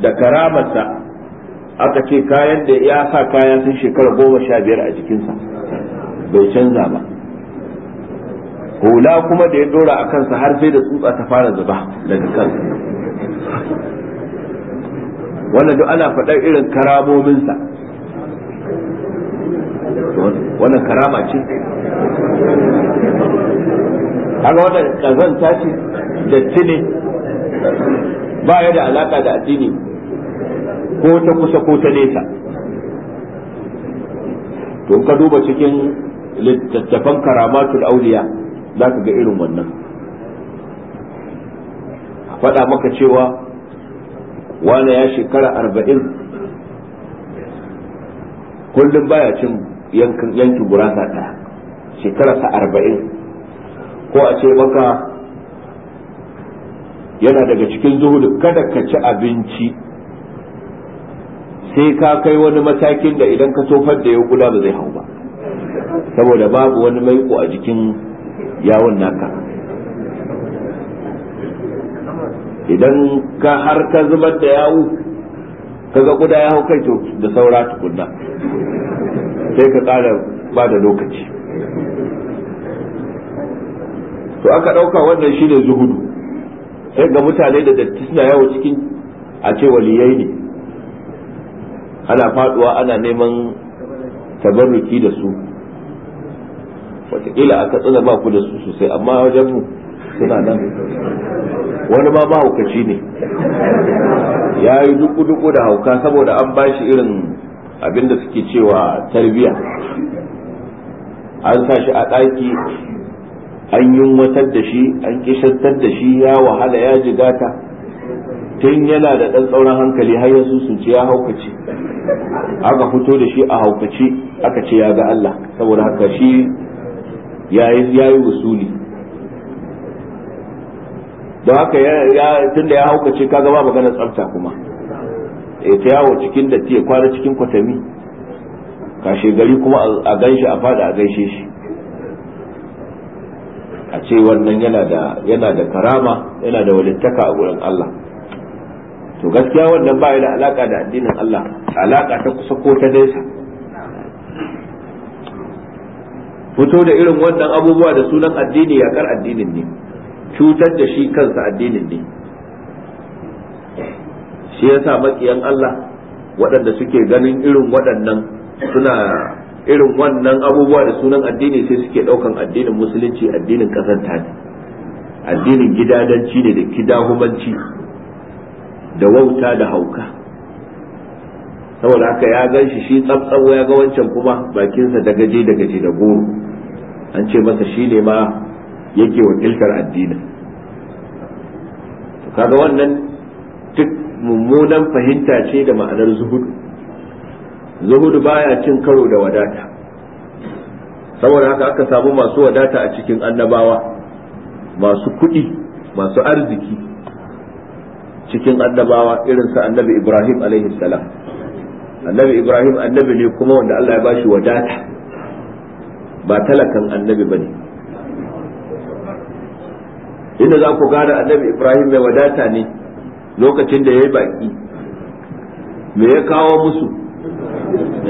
da karamarsa aka ce kayan da ya sa kaya sun shekara goma sha biyar a jikinsa bai canza ba hula kuma da ya dora a kansa har sai da tsutsa ta fara zuba daga kan. wannan duk ana faɗar irin karamominsa wannan karama ce haka wannan ƙazanta ce da ne ba ya da alaƙa da addini ko ta kusa ko ta nesa to ka duba cikin littattafan karamatul auliya za ka ga irin wannan a faɗa maka cewa wane ya shekara arba'in kullum baya cin yankin gurasa ɗaya shekararsa arba'in ko a ce maka yana daga cikin zuhudu kada ka ci abinci sai ka kai wani matakin da idan ka tofar da ya guda ba zai hau ba saboda babu wani maiko a jikin yawon naka idan ka har ka zubar da yawu kaga guda ya hau kai to da saura tukunna sai ka ƙara ba da lokaci to aka ɗauka wannan shi ne zuhudu sai ga mutane da datti suna yawo cikin a ce waliyai ne ana faduwa ana neman tabarruki da su wataƙila a katsina ba ku da su sosai amma wajen suna nan wani ma mahaukaci ne ya yi duku-duku da hauka saboda an ba shi irin abin da suke cewa tarbiyya. an sa shi a ɗaki an yunwatar da shi an kishantar da shi ya wahala ya jigata tun yana da ɗan tsauran hankali har ya ce ya haukace aka fito da shi a haukace aka ce ya ga Allah saboda haka shi ya yi wasuli don haka tun da ya haukace ka gaba maganar tsafta kuma ya eh, ta yawo cikin datti ya kwana cikin kwatami kashe gari kuma a ganshi a fada a gaishe shi a ce wannan yana da karama yana da walittaka a gurin Allah to gaskiya wannan ba da alaka da addinin Allah alaka ta kusa ko ta nesa fito da irin wannan abubuwa da sunan addini yakar addinin ne cutar da shi kansa addinin ne shi yasa makiyan Allah waɗanda suke ganin irin waɗannan suna irin wannan abubuwa da sunan addini sai suke ɗaukan addinin musulunci addinin ƙazanta ne addinin gidadanci ne da kidahumanci da wauta da hauka saboda haka ya gan shi shi tsatsawo ya ga wancan kuma bakinsa da gaje da gaje da goro an ce masa shi ne ma yake wakiltar addinin kaga wannan duk mummunan fahimta ce da ma'anar zuhudu zuhudu baya cin karo da wadata saboda haka aka samu masu wadata a cikin annabawa masu kuɗi masu arziki cikin annabawa irin sa annabi Ibrahim alaihi salam annabi Ibrahim annabi ne kuma wanda Allah ya bashi wadata ba talakan annabi bane inda za ku gane annabi Ibrahim mai wadata ne lokacin da ya yi baki me ya kawo musu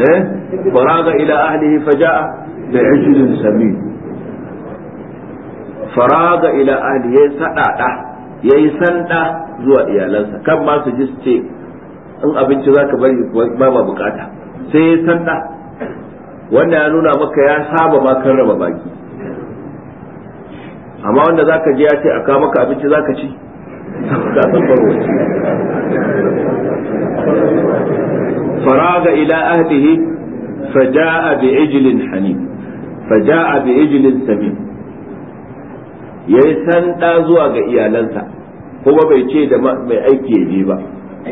eh faraga ila ahlihi faja'a da ajlin samin faraga ila ahlihi sadada ya yi sanda zuwa iyalansa kan ma su ji su ce in abinci za ka bari ba ba bukata sai ya yi sanda wanda ya nuna maka ya saba ma kan raba baki amma wanda za ka je ya ce a kawo maka abinci za ka ci faraga ila ahlihi faja'a bi ijlin hanim faja'a bi ijlin samin ya yi sanda zuwa ga iyalansa kuma bai ce da mai aiki ya je ba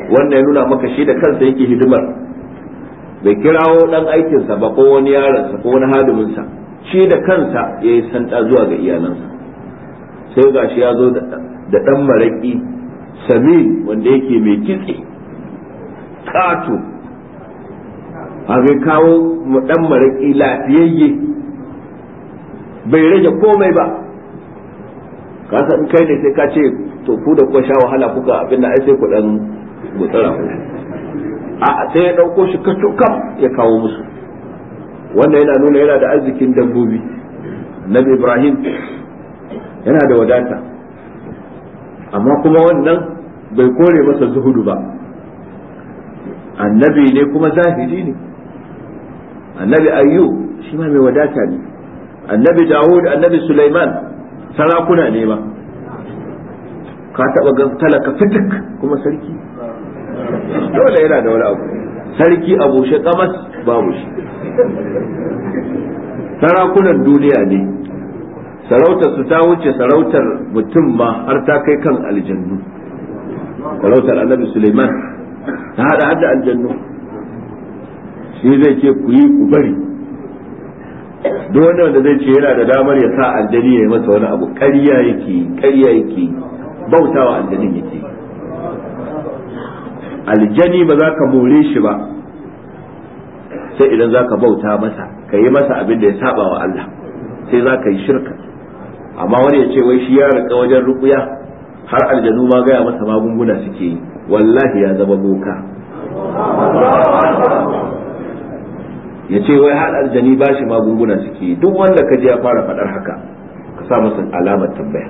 wannan ya nuna maka shi da kansa yake hidimar bai kirawo dan aikinsa ba ko wani yaransa ko wani hadiminsa shi da kansa ya yi sanda zuwa ga iyalansa sai ga shi ya zo da dan maraƙi sami wanda yake mai kitse kato abin kawo dan maraƙi lafiyayye bai rage komai ba ka san kai ne sai ka ce to ku da kuka sha wahala kuka abin da ai sai ku dan gutsara a sai ya dauko shi kam ya kawo musu wannan yana nuna yana da arzikin dabbobi nabi ibrahim yana da wadata amma kuma wannan bai kore masa zuhudu ba annabi ne kuma zahiri ne annabi ayyu shi ma mai wadata ne annabi dawud annabi sulaiman sarakuna ne ba ka taba ga talaka fitik kuma sarki dole yana da wani abu sarki a bushe kamas babu shi sarakunan duniya ne sarautar su ta wuce sarautar mutum ma har ta kai kan aljannu sarautar annabi suleiman ta hada hada aljannu shi zai ce ku yi ku bari duk wanda zai ce yana da damar ya sa aljani ya yi masa wani abu ƙarya yake ƙarya yake bautawa aljanin yake aljani ba za ka more shi ba sai idan za ka bauta masa ka yi masa abin da ya saba wa Allah sai za ka yi shirka amma wani ya ce wai shi ya rika wajen rukuya har aljanu ma gaya masa magunguna suke yi wallahi ya zama boka ya ce wai har aljani ba shi magunguna suke duk wanda ka ji ya fara faɗar haka ka sa masa alamar tambaya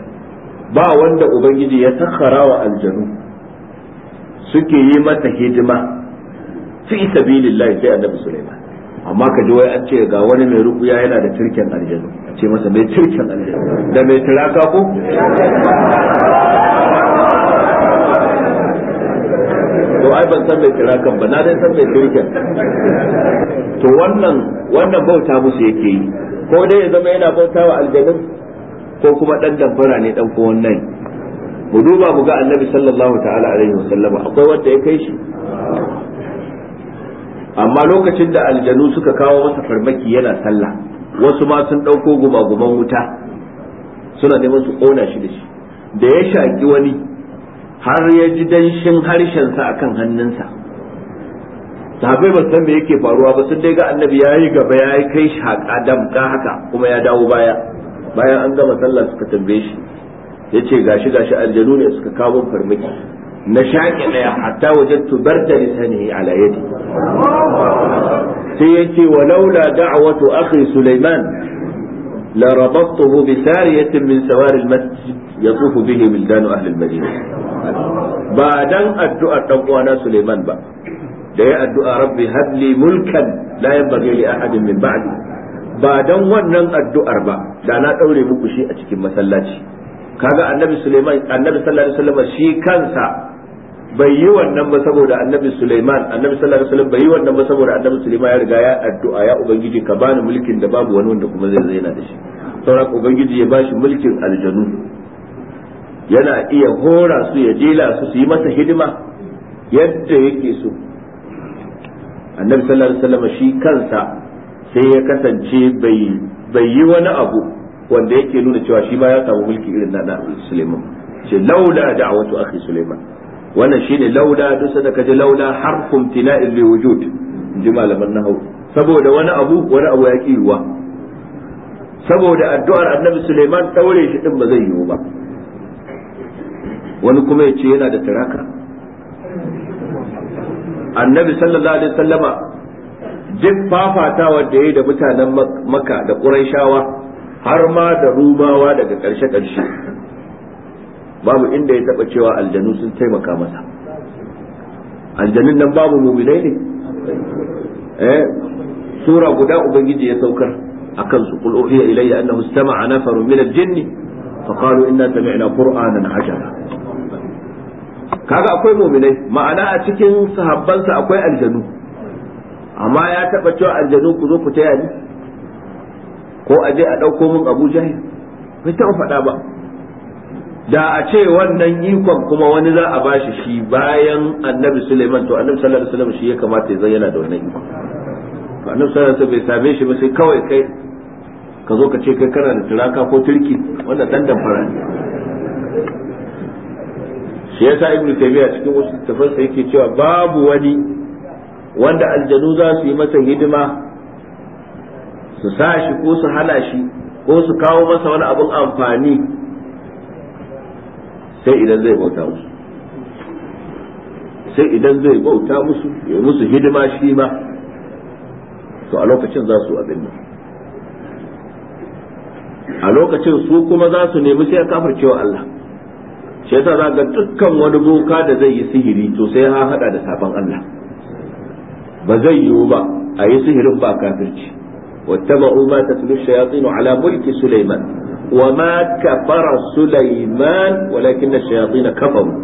ba wanda ubangiji ya sakhara wa aljanu suke yi mata hidima fi sabilillah sai annabi Sulaiman amma ka ji wai an ce ga wani mai rukuya yana da turken aljanu a ce masa mai turken aljanu da mai turaka ko to ai ban san mai turakan ba na dai san mai turken to wannan wannan bauta musu yake yi ko dai ya zama yana bauta wa aljanun ko kuma dan dabbara ne dan ko wannan mu duba mu ga annabi sallallahu ta'ala alaihi wasallama akwai wanda ya kai shi amma lokacin da aljanu suka kawo masa farmaki yana sallah wasu ma sun ɗauko gumaguman wuta suna neman su ƙona shi da shi da ya shaki wani har ya ji danshin harshen harshensa akan hannunsa sahabai ba san me yake faruwa ba sun dai ga annabi yi gaba yayi kai shi haka damka haka kuma ya dawo baya bayan an gama sallah suka tambaye shi yace gashi gashi aljanu ne suka kawo farmaki na shaƙi ɗaya hatta wajen tubar da lisanihi ala yadi sai yace walaula da'watu akhi Sulaiman لربطته بسارية ya سوار المسجد يطوف به بلدان أهل ba dan أن ɗan uwana sulaiman ba. da ya addu'a rabbi habli mulkan la yanbaghi li ahadin min ba'di ba dan wannan addu'ar ba da na daure muku shi a cikin masallaci kaga annabi Sulaiman annabi sallallahu alaihi wasallam shi kansa bai yi wannan ba saboda annabi Sulaiman annabi sallallahu alaihi wasallam bai yi wannan ba saboda annabi Sulaiman ya riga ya addu'a ya ubangiji ka bani mulkin da babu wani wanda kuma zai zaina da shi sauran ubangiji ya bashi mulkin aljanu yana iya hora su ya jela su su yi masa hidima yadda yake so annabi sallallahu alaihi wasallam shi kansa sai ya kasance bai bai yi wani abu wanda yake nuna cewa shi ba ya samu mulki irin na Suleiman ce laula da'watu akhi Suleiman wannan shine laula duk da ji laula harfun tina'il li wujud inji malaman nahwu saboda wani abu wani abu ya kiyuwa saboda addu'ar annabi Suleiman daure shi din ba zai yiwu ba wani kuma ya ce yana da taraka annabi sallallahu alaihi wasallama duk fafatawa da yayi da mutanen maka da quraishawa har ma da rumawa daga ƙarshe ƙarshe babu inda ya taɓa cewa aljanu sun taimaka masa aljanun nan babu muminai ne eh sura guda ubangiji ya saukar akan su qul uhiya ilayya annahu istama'a nafarun min al fa qalu inna sami'na qur'anan ajaba kaga akwai muminai ma'ana a cikin sahabbansa akwai aljanu amma ya taba cewa aljanu ku zo ku taya ni ko a je a ɗauko min abu jahil bai taɓa faɗa ba da a ce wannan ikon kuma wani za a bashi shi bayan annabi suleiman to annabi sallallahu alaihi wasallam shi ya kamata ya zayyana da wannan ikon to annabi sallallahu alaihi wasallam bai same shi ba sai kawai kai ka zo ka ce kai kana da turaka ko turki wanda ɗan damfara ne shi yasa ibnu taymiya cikin wasu tafansa yake cewa babu wani wanda aljanu za su yi masa hidima su sa shi ko su hana shi ko su kawo masa wani abin amfani sai idan zai bauta musu sai idan zai bauta musu ya musu hidima shi ma to a lokacin za su abin nan a lokacin su kuma za su nemi sai a kafar cewa Allah shi yasa za ga dukkan wani boka da zai yi sihiri to sai ha haɗa da sabon Allah ba zai yiwu ba a yi sihirin ba kafirci واتبعوا ما تتلو الشياطين على ملك سليمان وما كفر سليمان ولكن الشياطين كفروا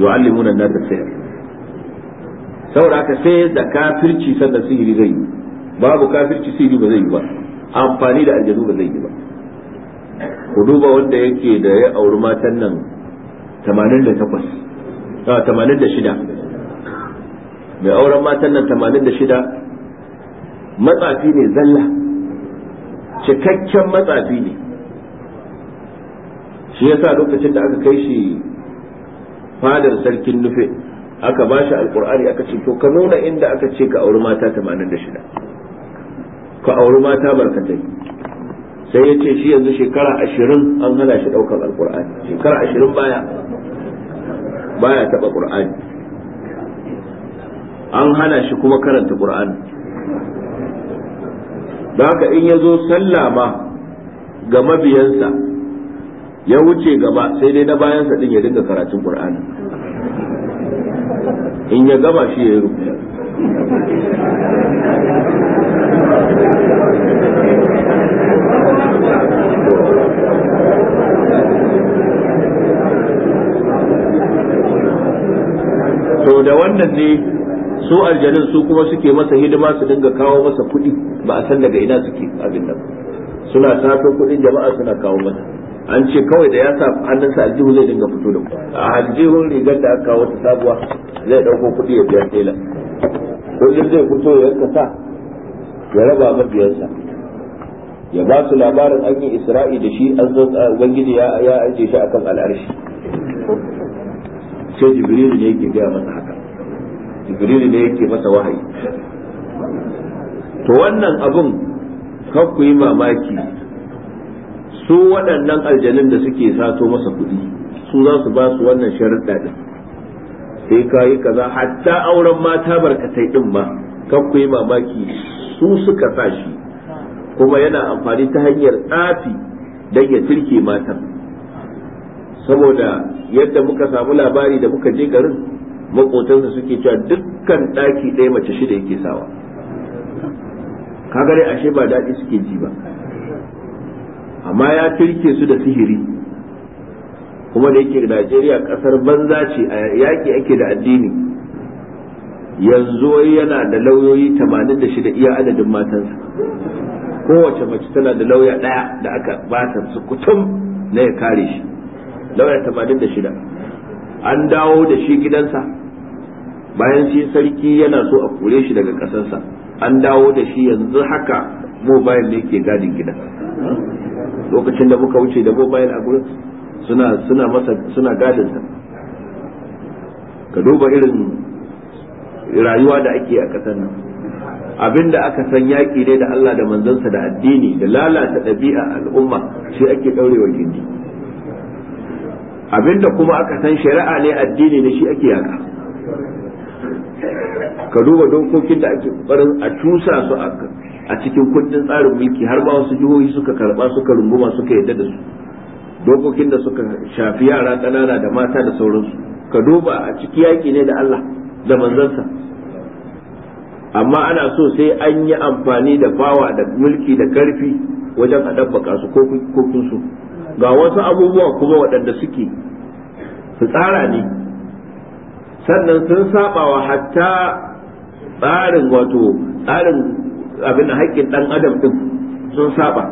يعلمون الناس السحر saboda haka sai da kafirci sannan sihiri zai yi babu kafirci sihiri ba zai yi ba amfani da aljanu ba zai yi ba ku duba wanda yake da ya auri matan nan 86 ah, mai auren matan nan 86 matsafi ne zalla cikakken matsafi ne shi yasa lokacin da aka kai shi fadar sarkin nufe aka ba shi alkur'ani aka ce to ka nuna inda aka ce ka auri mata 86 ka auri mata barkatai sai ya ce shi yanzu shekara ashirin an hana shi ɗaukar Alƙur'ani shekara ashirin baya baya taɓa ƙur'ani an hana shi kuma karanta ƙur'ani da haka in ya zo sallah ga mabiyansa ya wuce gaba sai dai na bayansa ɗin ya dinga karatun ƙur'ani in ya gaba shi ya yi rubuta da wannan ne su aljanin su kuma suke masa hidima su dinga kawo masa kuɗi ba a san daga ina suke abin nan suna tafi kuɗin jama'a suna kawo masa an ce kawai da ya sa hannunsa aljihu zai dinga fito da a aljihun rigar da aka kawo ta sabuwa zai ɗauko kuɗi ya biya tela kullum zai fito ya yanka sa ya raba mabiyansa ya ba su labarin an yi isra'i da shi an zo ubangiji ya aje shi akan al'arshi sai jibrilu ne yake gaya masa haka jibril ne yake masa wahayi to wannan abun kan ku yi mamaki su waɗannan aljanun da suke sato masa kuɗi su za su ba su wannan sharuɗa ɗin sai ka yi kaza hatta auren mata barkatai ɗin ma kan ku yi mamaki su suka sa kuma yana amfani ta hanyar tsafi don ya turke matan saboda yadda muka samu labari da muka je garin makotansa suke cewa dukkan ɗaki ɗaya mace shida yake sawa kaga dai ashe ba daɗi suke ji ba amma ya turke su da sihiri kuma da yake najeriya ƙasar banza ce a yaƙi ake da addini yanzu yana da lauyoyi 86 iya adadin matansa kowace mace tana da lauya ɗaya da aka bata su kutum na ya kare shi lauya 86 an dawo da shi gidansa bayan shi sarki yana so a kore shi daga ƙasarsa an dawo da shi yanzu haka mobile ne ke gadin gida? lokacin da muka wuce da mobile a gurin suna suna masa suna gadinsa ka duba irin rayuwa da ake a ƙasar nan abin da aka san yaƙi ne da Allah da manzansa da addini da lalata ɗabi'a al'umma shi ake ɗaurewa gindi abinda kuma aka san shari'a ne addini ne shi ake yaka ka duba dokokin da ake barin a cusa su a cikin kundin tsarin mulki har ba wasu jihohi suka karba suka runguma suka yadda da su dokokin da suka shafi yara ƙanana da mata da sauransu ka duba a ciki yaƙi ne da Allah da manzansa amma ana so sai an yi amfani da bawa da mulki da karfi wajen a su ko kun su. ga wasu abubuwa kuma waɗanda suke su tsara ne sannan sun saba wa hatta tsarin wato tsarin abin haƙƙin ɗan adam ɗin sun saba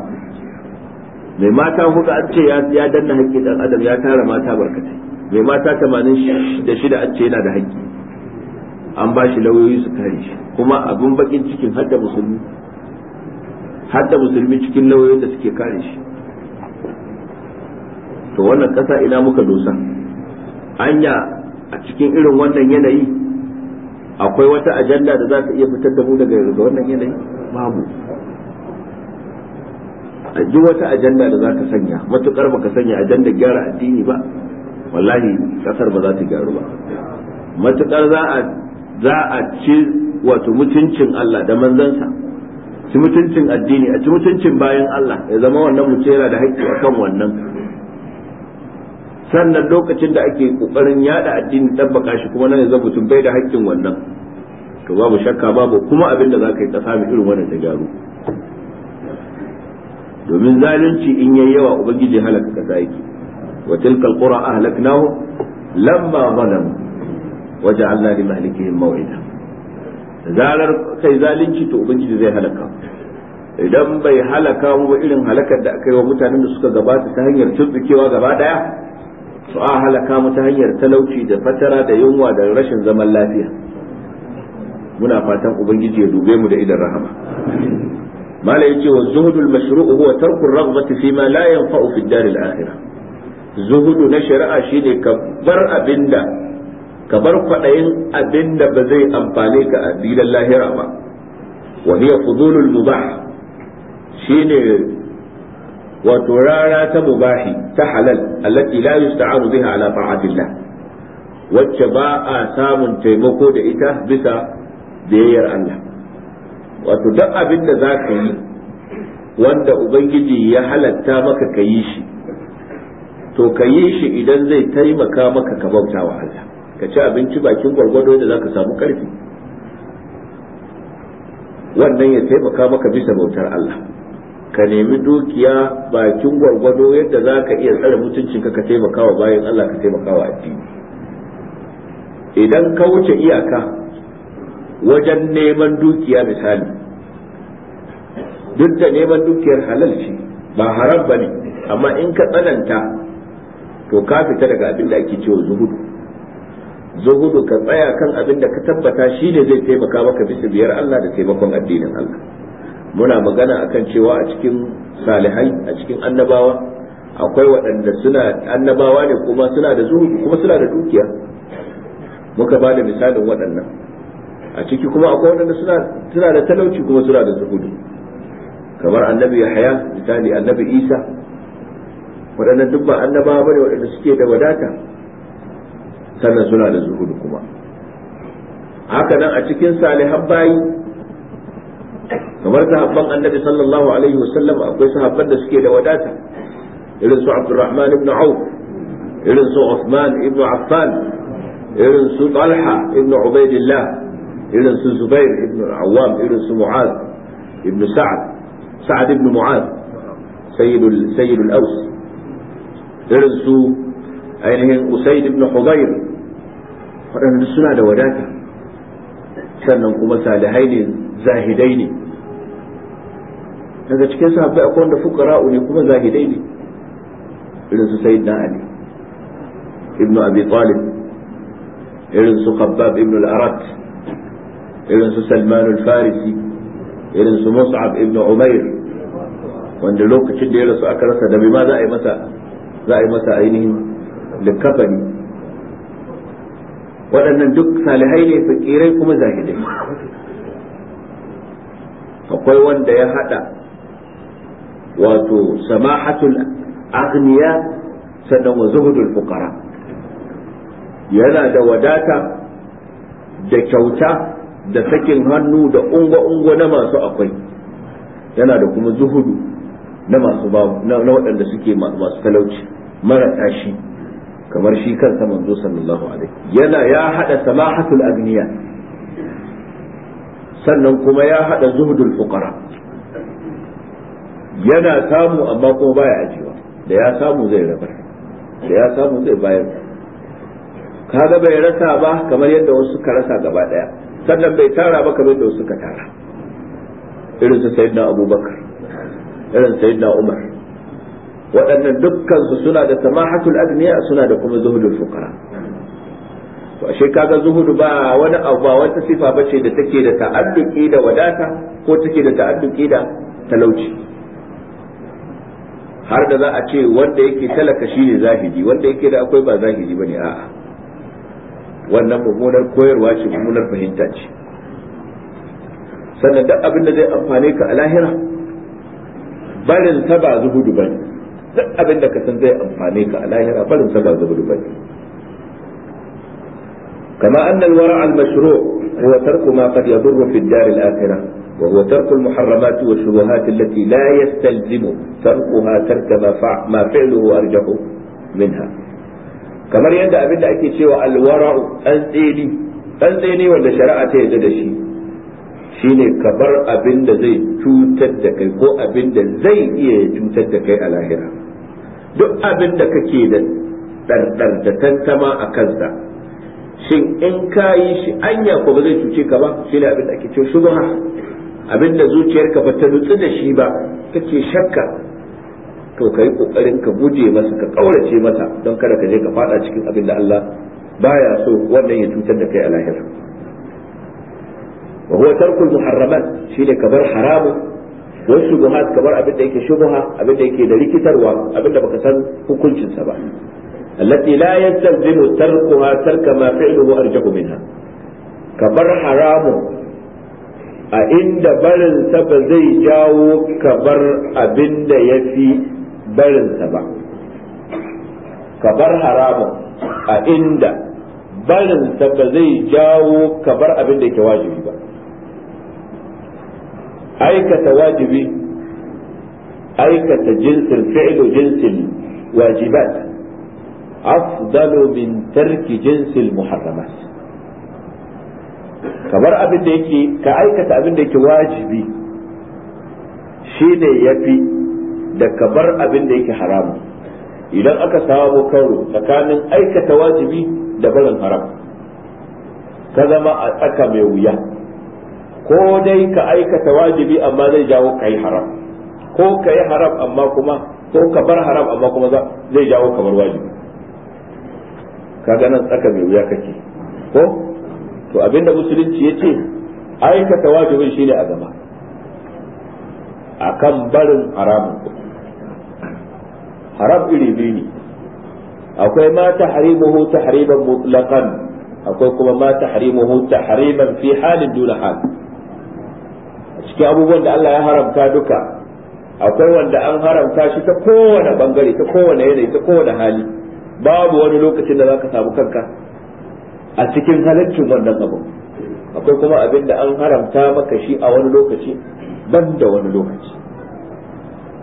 mai mata huɗu an ce ya danna haƙƙin ɗan adam ya tara mata barkatai mai mata tamanin da shida an ce yana da haƙƙi an ba shi lauyoyi su kare shi kuma abin bakin cikin hadda musulmi hadda musulmi cikin lauyoyin da suke kare shi to wannan ƙasa ina muka dosa anya a cikin irin wannan yanayi akwai wata ajanda da za ta iya fitar da mu daga wannan yanayi babu A ji wata ajanda da za ka sanya matukar baka sanya ajanda gyara addini ba wallahi kasar ba za ta gyaru ba matukar za a za a ci wato mutuncin Allah da manzansa ci mutuncin addini a ci mutuncin bayan Allah ya zama wannan mutum yana da haƙƙi akan wannan sannan lokacin da ake kokarin yada addini tabbaka shi kuma nan yanzu mutum bai da haƙƙin wannan to babu shakka babu kuma abin da zaka yi kasa mai irin wannan da gyaru domin zalunci in yayi yawa ubangiji halaka kasa yake wa tilka alqura ahlaknahu lamma wa ja'alna li mahlikihim maw'ida Zalar kai zalunci to ubangiji zai halaka idan bai halaka mu ba irin halakar da aka yi wa mutanen da suka gabata ta hanyar tuntukewa gaba daya su a halaka mu ta hanyar talauci da fatara da yunwa da rashin zaman lafiya muna fatan ubangiji ya dube mu da idan rahama mala yace wa zuhudul mashru'u huwa tarku ar-raghbati fi ma la yanfa'u fi dar al zuhudu na shari'a shine ka bar abinda ka bar kwadayin abinda ba zai amfane ka a dinan lahira ba wa hiya fudulul mubah shine wato rara ta mubahi ta halal allati la yusta'anu biha ala ta'atillah wacce ba a samun taimako da ita bisa biyayyar Allah wato duk abin da za ka yi wanda ubangiji ya halatta maka ka yi shi to ka yi shi idan zai taimaka maka ka bauta wa Allah ka ci abinci bakin gwargwado da za ka samu karfi wannan ya taimaka maka bisa bautar Allah ka nemi dukiya bakin gwargwado yadda za ka iya tsare mutuncin ka taimaka wa bayan Allah ka taimaka wa addini idan ka wuce iyaka wajen neman dukiya misali duk da neman dukiyar halal ce ba haram ba ne amma in ka tsananta to ka fita daga abin da ake cewa zuhudu zuhudu ka tsaya kan abin da ka tabbata shi ne zai taimaka maka bisa biyar Allah da taimakon addinin Allah muna magana akan cewa a cikin salihai a cikin annabawa akwai waɗanda suna annabawa ne kuma suna da zuhudu kuma suna da dukiya muka ba da misalin waɗannan a ciki kuma akwai waɗanda suna da talauci kuma suna da zuhudu kamar annabi yahya misali annabi isa waɗannan duk ba annabawa bane waɗanda suke da wadata sannan suna da zuhudu kuma haka nan a cikin salihan bayi kamar sahabban annabi sallallahu alaihi wasallam akwai sahabban da suke da wadata irin su abdurrahman ibn auf irin su usman ibn affan irin su talha ibn ubaidillah irin su zubair ibn awwam irin su mu'az ibn sa'd sa'd ibn mu'az sayyidul sayyidul aus irin su ainihin usayd ibn hudayr wadannan suna da wadata sannan kuma salihai ne zahidai ne daga cikin sahabbai akwai wanda fuqara'u ne kuma zahidai ne irin su sayyidina ali ibnu abi talib irin su khabbab ibnu al-arat irin su salman al-farisi irin su mus'ab ibnu umair wanda lokacin da ya rasu aka rasa da ma za a yi masa za a yi masa ainihin likafani waɗannan duk salihai ne fakirai kuma zahidai akwai wanda ya hada wato samahatul aghniya sannan wa zuhudul fuqara yana da wadata da kyauta da sakin hannu da ungo-ungo na masu akwai yana da kuma zuhudu na masu na waɗanda suke masu talauci mara tashi kamar shi kansa manzo sallallahu alaihi yana ya hada samahatul agniya sannan kuma ya hada zuhudul fuqara yana samu amma kuma baya ajiwa da ya samu zai rabar da ya samu zai bayar kaga bai rasa ba kamar yadda wasu suka rasa gaba daya sannan bai tara ba kamar yadda wasu suka tara irin su sayyidina abubakar irin sayyidina umar waɗannan dukkan su suna da samahatul adniya suna da kuma zuhudul fuqara to ashe kaga zuhudu ba wani abu ba wata sifa bace da take da ta'adduki da wadata ko take da ta'adduki da talauci har da za a ce wanda yake talaka shine zahidi wanda yake da akwai ba zahidi bane a'a wannan mummunar koyarwa ce mummunar fahimta ce sannan duk abin da zai amfane ka a lahira barin ta ba zuhudu bane duk abin da ka san zai amfane ka a lahira barin ta ba zuhudu bane كما أن الورع المشروع هو ترك ما قد يضر في الدار الآخرة وهو ترك المحرمات والشبهات التي لا يستلزم تركها ترك ما, فع ما فعله أرجح منها كما أن أبن أكي شوى الورع أزيني أزيني ولا شراعة يددشي shine kabar abin da zai cutar da kai ko abin da zai iya cutar da kai a lahira duk abin da kake da ɗarɗar da tantama a kansa shin in ka yi shi anya ko ba zai cuce ka ba shi ne abin da ake cewa shubha abin da zuciyarka ba ta nutsu da shi ba kake shakka to kai kokarin ka guje masa ka kaurace masa don kada ka je ka fada cikin abin da Allah baya so wannan ya cutar da kai a lahira wa huwa tarkul muharramat shine kabar haramun don shubuhat kamar abin da yake shubaha, abin da yake da rikitarwa abin da baka san hukuncinsa ba التي لا يستلزم تركها ترك ما فعله أرجح منها كبر حرام a inda barinsa ba zai jawo kabar abin da ya fi barinsa ba kabar haramun a inda barinsa ba zai jawo kabar abin da ke wajibi ba aikata wajibi aikata jinsin fi'lu jinsin wajibat أفضل min tarki جنس المحرمات kamar abin da yake ka aikata abin da yake wajibi shine yafi da kabar abin da yake haramu idan aka samu karo tsakanin aikata wajibi da barin haram ka zama a tsaka mai wuya ko dai ka aikata wajibi amma zai jawo ka yi haram ko ka yi haram amma kuma ko ka bar haram amma kuma zai jawo ka bar wajibi kaga nan tsaka mai wuya kake ko to abinda musulunci ya ce aikata wajibin shine a a akan barin haramun ku. haram iri biyu ne akwai ma ta hariban mutlaqan akwai kuma ma ta hariban fi halin duna hal cikin abubuwan da Allah ya haramta duka akwai wanda an haramta shi ta kowane bangare ta kowane yanayi ta kowane hali babu wani lokacin da ka samu kanka a cikin halaccin wannan abu akwai kuma abin da an haramta maka shi a wani lokaci ban da wani lokaci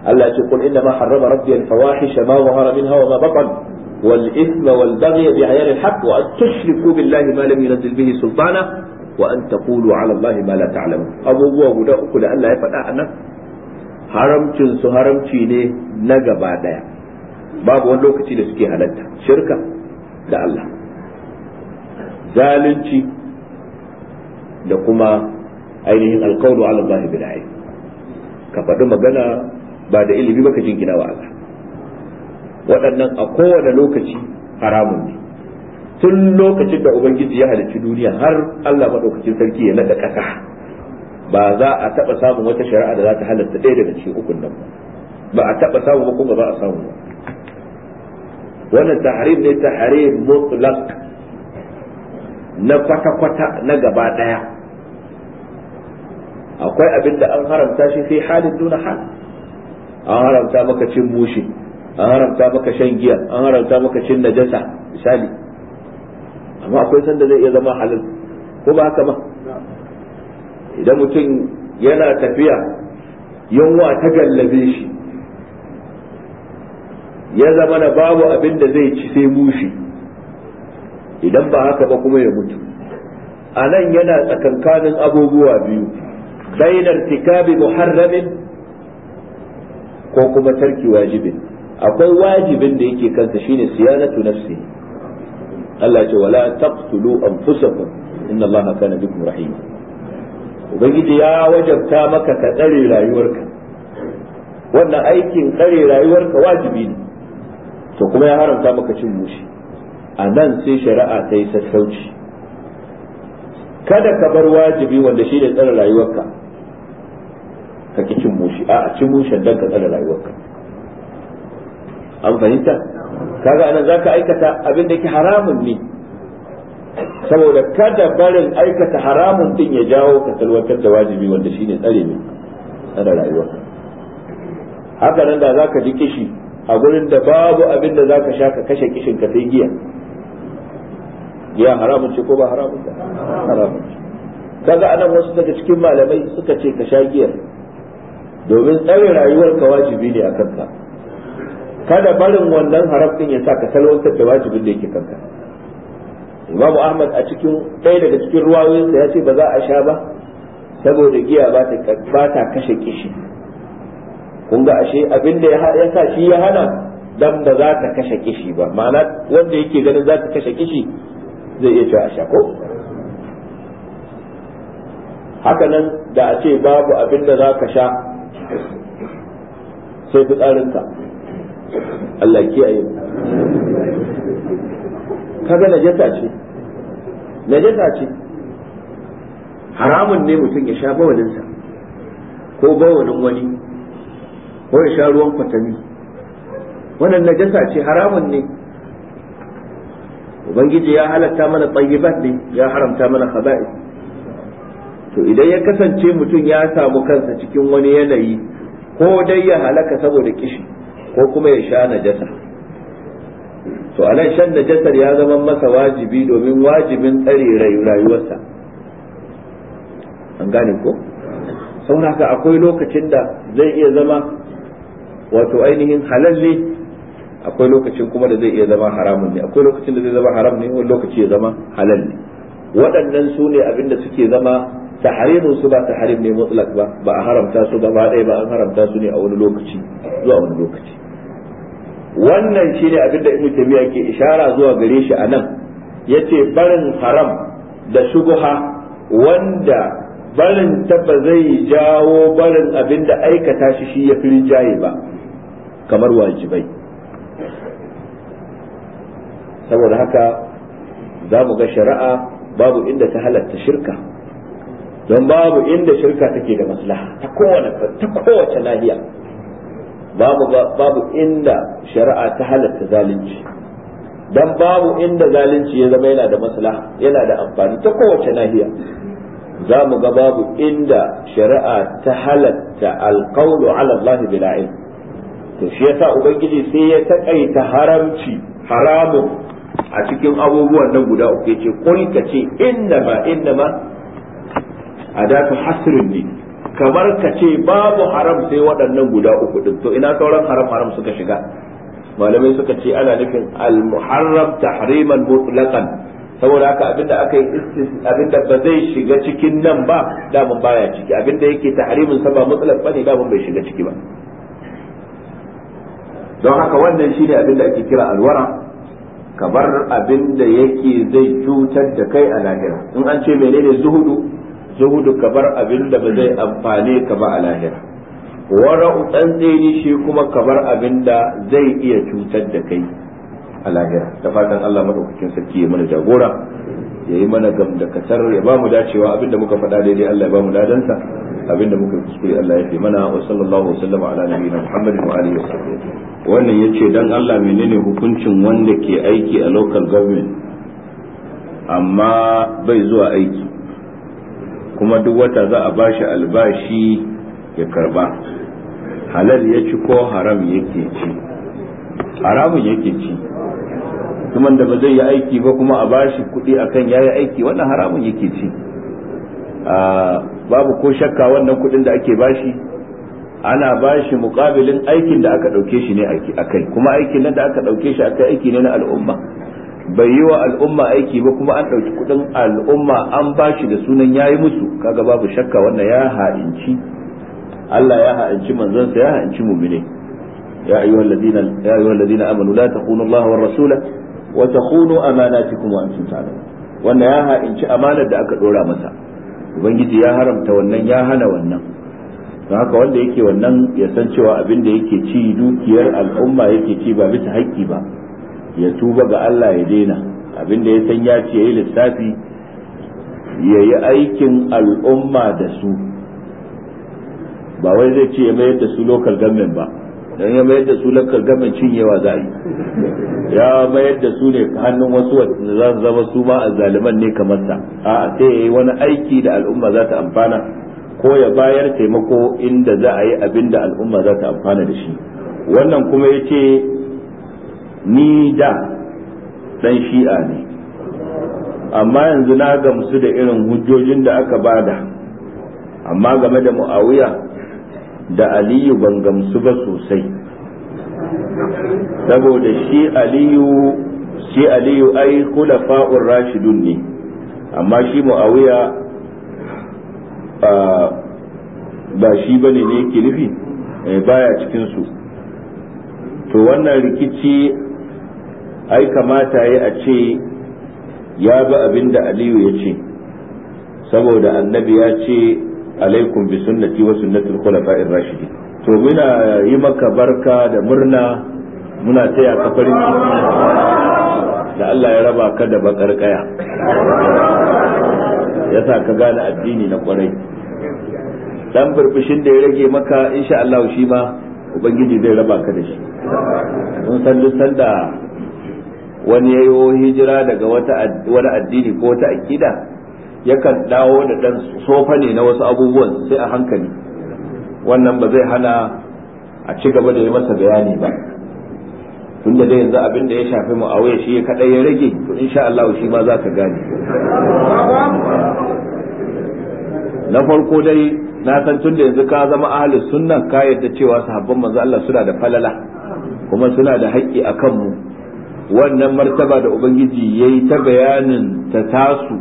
Allah ya ce kul inna ma harrama rabbi al fawahish ma zahara minha wa ma batan wal ithma wal baghy bi ghayri al haqq wa an tushriku billahi ma lam yunzil bihi sultana wa an taqulu ala allahi ma la ta'lamun abubuwa guda uku da Allah ya faɗa anan haramcin su haramci ne na gaba daya babu wani lokaci da suke halatta shirka da Allah zalunci da kuma ainihin alqawlu ala Allah bil ka faɗi magana ba da ilimi baka jingina wa Allah waɗannan a kowane lokaci haramun ne tun lokacin da ubangiji ya halicci duniya har Allah maɗaukacin sarki ya naɗa ƙasa ba za a taɓa samun wata shari'a da za ta halatta ɗaya daga cikin ukun nan ba a taɓa samu ba za a samu ba wannan tahrim ne tahrim mutlaq na kwata-kwata na gaba daya akwai abin da an haramta shi fi halin duna hal an haramta maka cin mushi an haramta maka shan giya an haramta maka cin najasa misali amma akwai sanda zai iya zama halin ko ba haka ba idan mutum yana tafiya yunwa ta gallabe shi ya zama na babu abin da zai ci sai mushi idan ba haka ba kuma ya mutu a nan yana tsakankanin abubuwa biyu bainar tikabi muharramin ko kuma tarki wajibin akwai wajibin da yake kansa shine siyanatu nafsi Allah ce wala taqtulu anfusakum inna Allah kana bikum rahima ubangiji ya wajabta maka ka tsare rayuwarka wannan aikin tsare rayuwarka wajibi ne to kuma ya haramta maka cin mushi a nan sai shari'a ta yi sassauci kada ka bar wajibi wanda shi ne tsara rayuwarka ka ki cin mushi a cin mushen don ka tsara rayuwarka an fahimta kaga anan zaka aikata abin da yake haramun ne saboda kada barin aikata haramun din ya jawo ka talwatar da wajibi wanda shine tsare ne tsara rayuwarka haka nan da zaka ji kishi a gurin da babu abin da zaka sha ka kashe kishin ka sai giya giya haramun ce ko ba haramun ba haramun ce kaga anan wasu daga cikin malamai suka ce ka sha giyar domin tsare rayuwar ka wajibi ne a kanka kada barin wannan harafin ya sa ka salwantar da wajibin da yake kanka imamu ahmad a cikin ɗaya daga cikin ruwayoyinsa ya ce ba za a sha ba saboda giya ba ta kashe kishi kun ga ashe abin da ya sa shi ya hana dan ba za ta kashe kishi ba ma'ana wanda yake ganin za ta kashe kishi zai iya cewa ashe ko haka nan da a ce babu abin da za ka sha sai fitsarinka Allah kiyaye kaga najasa ce najasa ce haramun ne mutum ya sha bawalinsa ko bawalin wani ko ya sha ruwan kwatami wannan najasa ce haramun ne ubangiji ya halatta mana tayyibat ne ya haramta mana khaba'i to idan ya kasance mutum ya samu kansa cikin wani yanayi ko dai ya halaka saboda kishi ko kuma ya sha najasa to anan shan najasar ya zama masa wajibi domin wajibin tsare rayuwarsa an gane ko sauna haka akwai lokacin da zai iya zama wato ainihin halalle akwai lokacin kuma da zai iya zama haramun ne akwai lokacin da zai zama haram ne wani lokaci ya zama halal ne waɗannan su ne abin da suke zama tahrimun su ba tahrim ne mutlak ba ba a haramta su gaba ɗaya ba an haramta su ne a wani lokaci zuwa wani lokaci wannan shine abin da ibnu taymiya ke ishara zuwa gare shi a nan yace barin haram da shubha wanda barin ta ba zai jawo barin abin da aikata shi shi ya fi rijaye ba kamar wajibai saboda haka za mu ga shari'a babu inda ta halatta shirka don babu inda shirka take da maslaha ta kowace lahiya babu babu inda shari'a ta halatta zalunci dan babu inda zalunci ya zama yana da maslaha yana da amfani ta kowace nahiya za mu ga babu inda shari'a ta halatta alƙawlu ala Allah bila ilm to shi yasa ubangiji sai ya takaita haramci haramu a cikin abubuwan nan guda uku yace qul kace inna ma adatu hasrun ne kamar kace babu haram sai waɗannan guda uku din to ina sauran haram haram suka shiga malamai suka ce ana nufin al-muharram tahriman mutlaqan saboda haka abinda aka yi abinda ba zai shiga cikin nan ba damun baya ciki abinda yake tahrimin sa ba mutlaq bane damun bai shiga ciki ba don haka wannan shine abin da ake kira alwara ka bar abin da yake zai cutar da kai a lahira in an ce menene zuhudu zuhudu ka bar abin da ba zai amfane ka ba a lahira wara'u tsantseni shi kuma ka bar abin da zai iya cutar da kai a lahira da fatan Allah madaukakin sarki ya mana jagora ya yi mana gamdakatar ya ba mu dacewa abinda muka faɗa daidai Allah ya ba mu dadansa abinda muka kuskure Allah ya fi mana wa sallallahu wa sallama ala nabiyina Muhammadin wa alihi wa sahbihi wannan yace dan Allah menene hukuncin wanda ke aiki a local government amma bai zuwa aiki kuma duk wata za a bashi albashi ya karba halal ya ci ko haram yake ci haramun yake ci mutumin da ba zai yi aiki ba kuma a bashi kuɗi akan yayi aiki wannan haramun yake ci babu ko shakka wannan kuɗin da ake bashi ana bashi mukabilin aikin da aka ɗauke shi ne a kai kuma aikin nan da aka ɗauke shi a kai aiki ne na al'umma bai yi wa al'umma aiki ba kuma an ɗauki kuɗin al'umma an bashi da sunan ya yi musu kaga babu shakka wannan ya ha'inci Allah ya ha'inci manzonsa ya ha'inci mumine ya ayyuhal ladina ya ayyuhal ladina amanu la takunu Allah war wa takhunu amanatikum wa antum ta'lamun wannan ya ha'inci amanar da aka dora masa ubangiji ya haramta wannan ya hana wannan don haka wanda yake wannan ya san cewa abin da yake ci dukiyar al'umma yake ci ba bisa haƙƙi ba ya tuba ga Allah ya daina abin da ya san ya ci yayi lissafi ya yi aikin al'umma da su ba wai zai ce ya mayar da su local government ba don ya mayar da su local government cinyewa za a yi ya mayar da su ne hannun wasu wanda za su zama su ma zaliman ne kamar sa a sai yayi wani aiki da al'umma za ta amfana ko ya bayar taimako inda za a yi abin da al'umma za ta amfana da shi wannan kuma ya ce ni da dan shi'a ne amma yanzu na gamsu da irin hujjojin da aka bada amma game da mu'awiya da aliyu ban gamsu ba sosai saboda shi aliyu shi aliyu ai khulafa'ur rashidun ne amma shi muawiya ba shi bane ne yake nufi eh, baya cikin su to wannan rikici ai kamata ya a ce ya bi abin da aliyu ya ce saboda annabi ya ce alaikum bi sunnati wa sunnatul khulafa'ir rashidin to muna yi maka barka da murna muna taya ka farin ciki da Allah ya raba ka da bakar kaya yasa ka gane addini na kwarai dan burbushin da ya rage maka insha Allah shi ma ubangiji zai raba ka da shi mun san duk sanda wani yayi hijira daga wata wani addini ko wata akida yakan dawo da dan sofa ne na wasu abubuwan sai a hankali wannan ba zai hana a ci gaba da yi masa bayani ba tunda da yanzu abin da ya shafi mu'awiya shi kadai ya rage to insha Allah shi ma za ka gane na farko dai na san tunda yanzu ka zama ahli sunna ka yadda cewa sahabban manzo Allah suna da falala kuma suna da haƙƙi a kanmu wannan martaba da ubangiji yayi ta bayanin ta tasu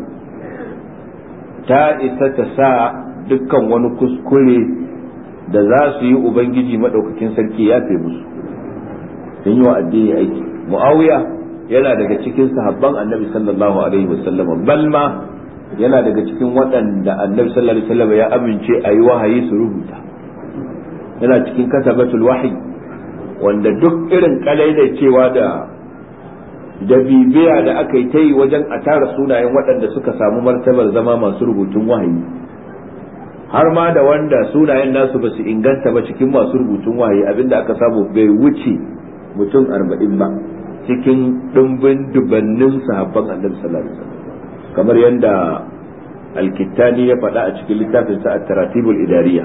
ta isa ta sa dukkan wani kuskure da za su yi ubangiji madaukakin sarki ya fi musu sun yi wa addini aiki muawiya yana daga cikin sahabban annabi sallallahu alaihi wasallam bal ma yana daga cikin waɗanda annabi sallallahu alaihi wasallam ya amince a yi wahayi su rubuta yana cikin kasabatul wahyi wanda duk irin kalai cewa da da bibiya da aka yi ta yi wajen a tara sunayen waɗanda suka samu martabar zama masu rubutun wahayi har ma da wanda sunayen nasu ba su inganta ba cikin masu rubutun waye abinda aka samu bai wuce mutum arba'in ba cikin ɗumbin dubannin sahabban annabi sallallahu alaihi wasallam kamar yadda alkittani ya faɗa a cikin littafin sa at-taratibul idariya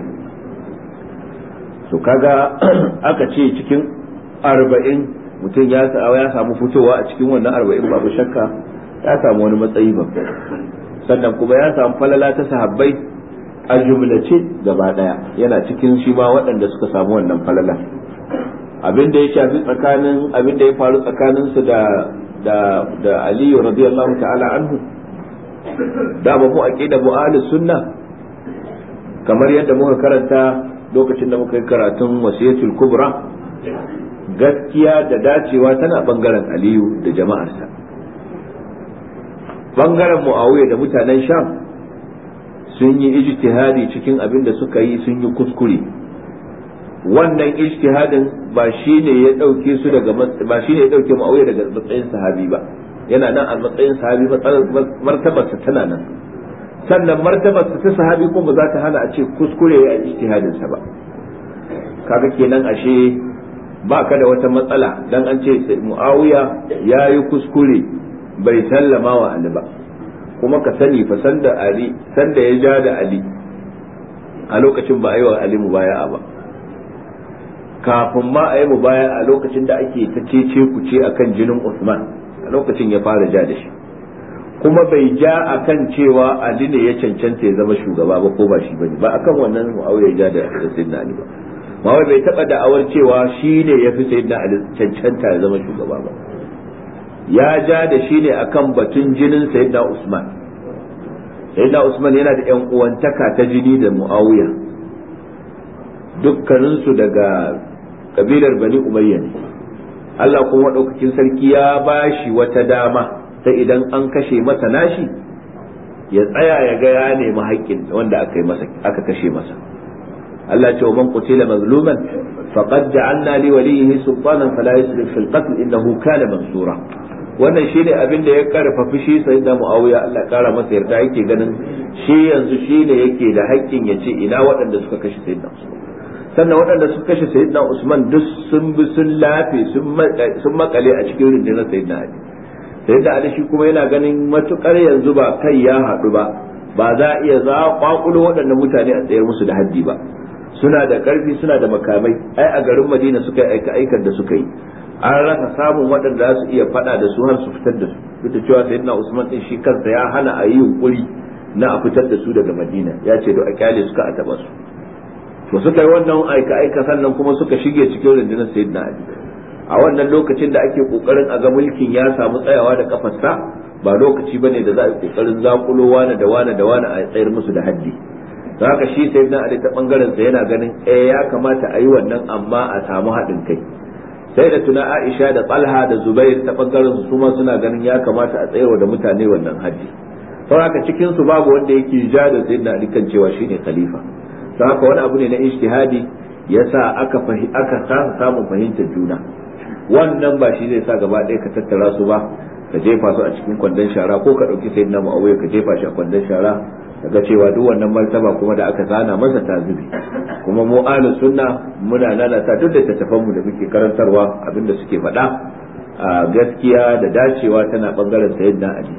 to kaga (clears throat) aka ce cikin arba'in mutum ya ya samu fitowa a cikin wannan arba'in babu shakka ya samu wani matsayi babba sannan kuma ya samu falala ta sahabbai a jumlace gaba daya yana cikin shi ma waɗanda suka samu wannan falala abin da ya shafi tsakanin abin da ya faru tsakanin su da da da Ali radiyallahu ta'ala anhu da ba ku aqida bu ahli sunna kamar yadda muka karanta lokacin da muka yi karatun wasiyatul kubra gaskiya da dacewa tana bangaren aliyu da jama'arsa bangaren muawiya da mutanen sham sun yi ijtihadi cikin abin da suka yi sun yi kuskure wannan ijtihadin ba shine ya dauke su daga ba shine ya dauke Muawiya daga matsayin sahabi ba yana nan a matsayin sahabi sa tana nan sannan sa ta sahabi kuma za ta hana a ce kuskure ya ijtihadin sa ba kaga kenan ashe ba ka da wata matsala dan an ce Muawiya ya yi kuskure bai sallama wa Ali ba kuma ka sani fa sanda ali sanda ya ja da ali a lokacin ba a yi wa ali mubaya'a ba kafin ma a yi mubaya a lokacin da ake ta cece ku ce akan jinin Usman a lokacin ya fara ja da shi kuma bai ja akan cewa Ali ne ya cancanta ya zama shugaba ba ko ba shi bane ba akan wannan ya ja da Sayyidina Ali ba Muawiya bai taba da'awar cewa shi ne ya fi Sayyidina Ali cancanta ya zama shugaba ba ya ja da shi ne akan batun jinin sayyidina Usman sayyidina Usman yana da yan uwantaka ta jini da Muawiya dukkaninsu daga kabilar Bani Umayya ne Allah kuma ɗaukakin sarki ya bashi wata dama ta idan an kashe masa nashi ya tsaya ya ga ya nemi haƙƙin wanda aka masa aka kashe masa Allah ce man qutila mazluman faqad ja'alna li waliyhi sultanan fala yusrif fil qatl innahu kana mansura wannan shine abin da ya karfafi shi sai da muawiya Allah kara masa yarda yake ganin shi yanzu shine yake da haƙƙin ya ce ina waɗanda suka kashe sayyidina Usman sannan waɗanda suka kashe sayyidina Usman duk sun bi sun lafe sun makale a cikin rundunar sayyidina Ali sayyidina Ali shi kuma yana ganin matukar yanzu ba kai ya haɗu ba ba za a iya za kwakulo waɗannan mutane a tsayar musu da haddi ba suna da ƙarfi suna da makamai ai a garin Madina suka aika aikan da suka yi an rasa samun waɗanda za su iya faɗa da su har su fitar da su duk da cewa sayyidina Usman din shi kansa ya hana a yi yunkuri na a fitar da su daga Madina ya ce da a kyale suka a taba su to suka yi wannan aika aika sannan kuma suka shige cikin rundunar sayyidina Ali a wannan lokacin da ake kokarin a ga mulkin ya samu tsayawa da kafarsa ba lokaci bane da za a kokarin zakulo wani da wani da wani a tsayar musu da haddi don haka shi sayyidina Ali ta bangaren sa yana ganin eh ya kamata a yi wannan amma a samu haɗin kai sai da tuna Aisha da Talha da Zubair ta bangaren su ma suna ganin ya kamata a tsayawa da mutane wannan haji saboda cikin su babu wanda yake ja da sayyidina Ali kan cewa shine khalifa su haka wani abu ne na ijtihadi yasa aka fahi aka kasa samun fahimtar juna wannan ba shi zai sa gaba ɗaya ka tattara su ba ka jefa su a cikin kwandon shara ko ka ɗauki sayyidina Muawiya ka jefa shi a kwandon shara daga cewa duk wannan martaba kuma da aka zana masa ta zube kuma mu ahlus sunna muna lalata duk da tattafan mu da muke karantarwa abinda suke faɗa a gaskiya da dacewa tana bangaren sayyidina ali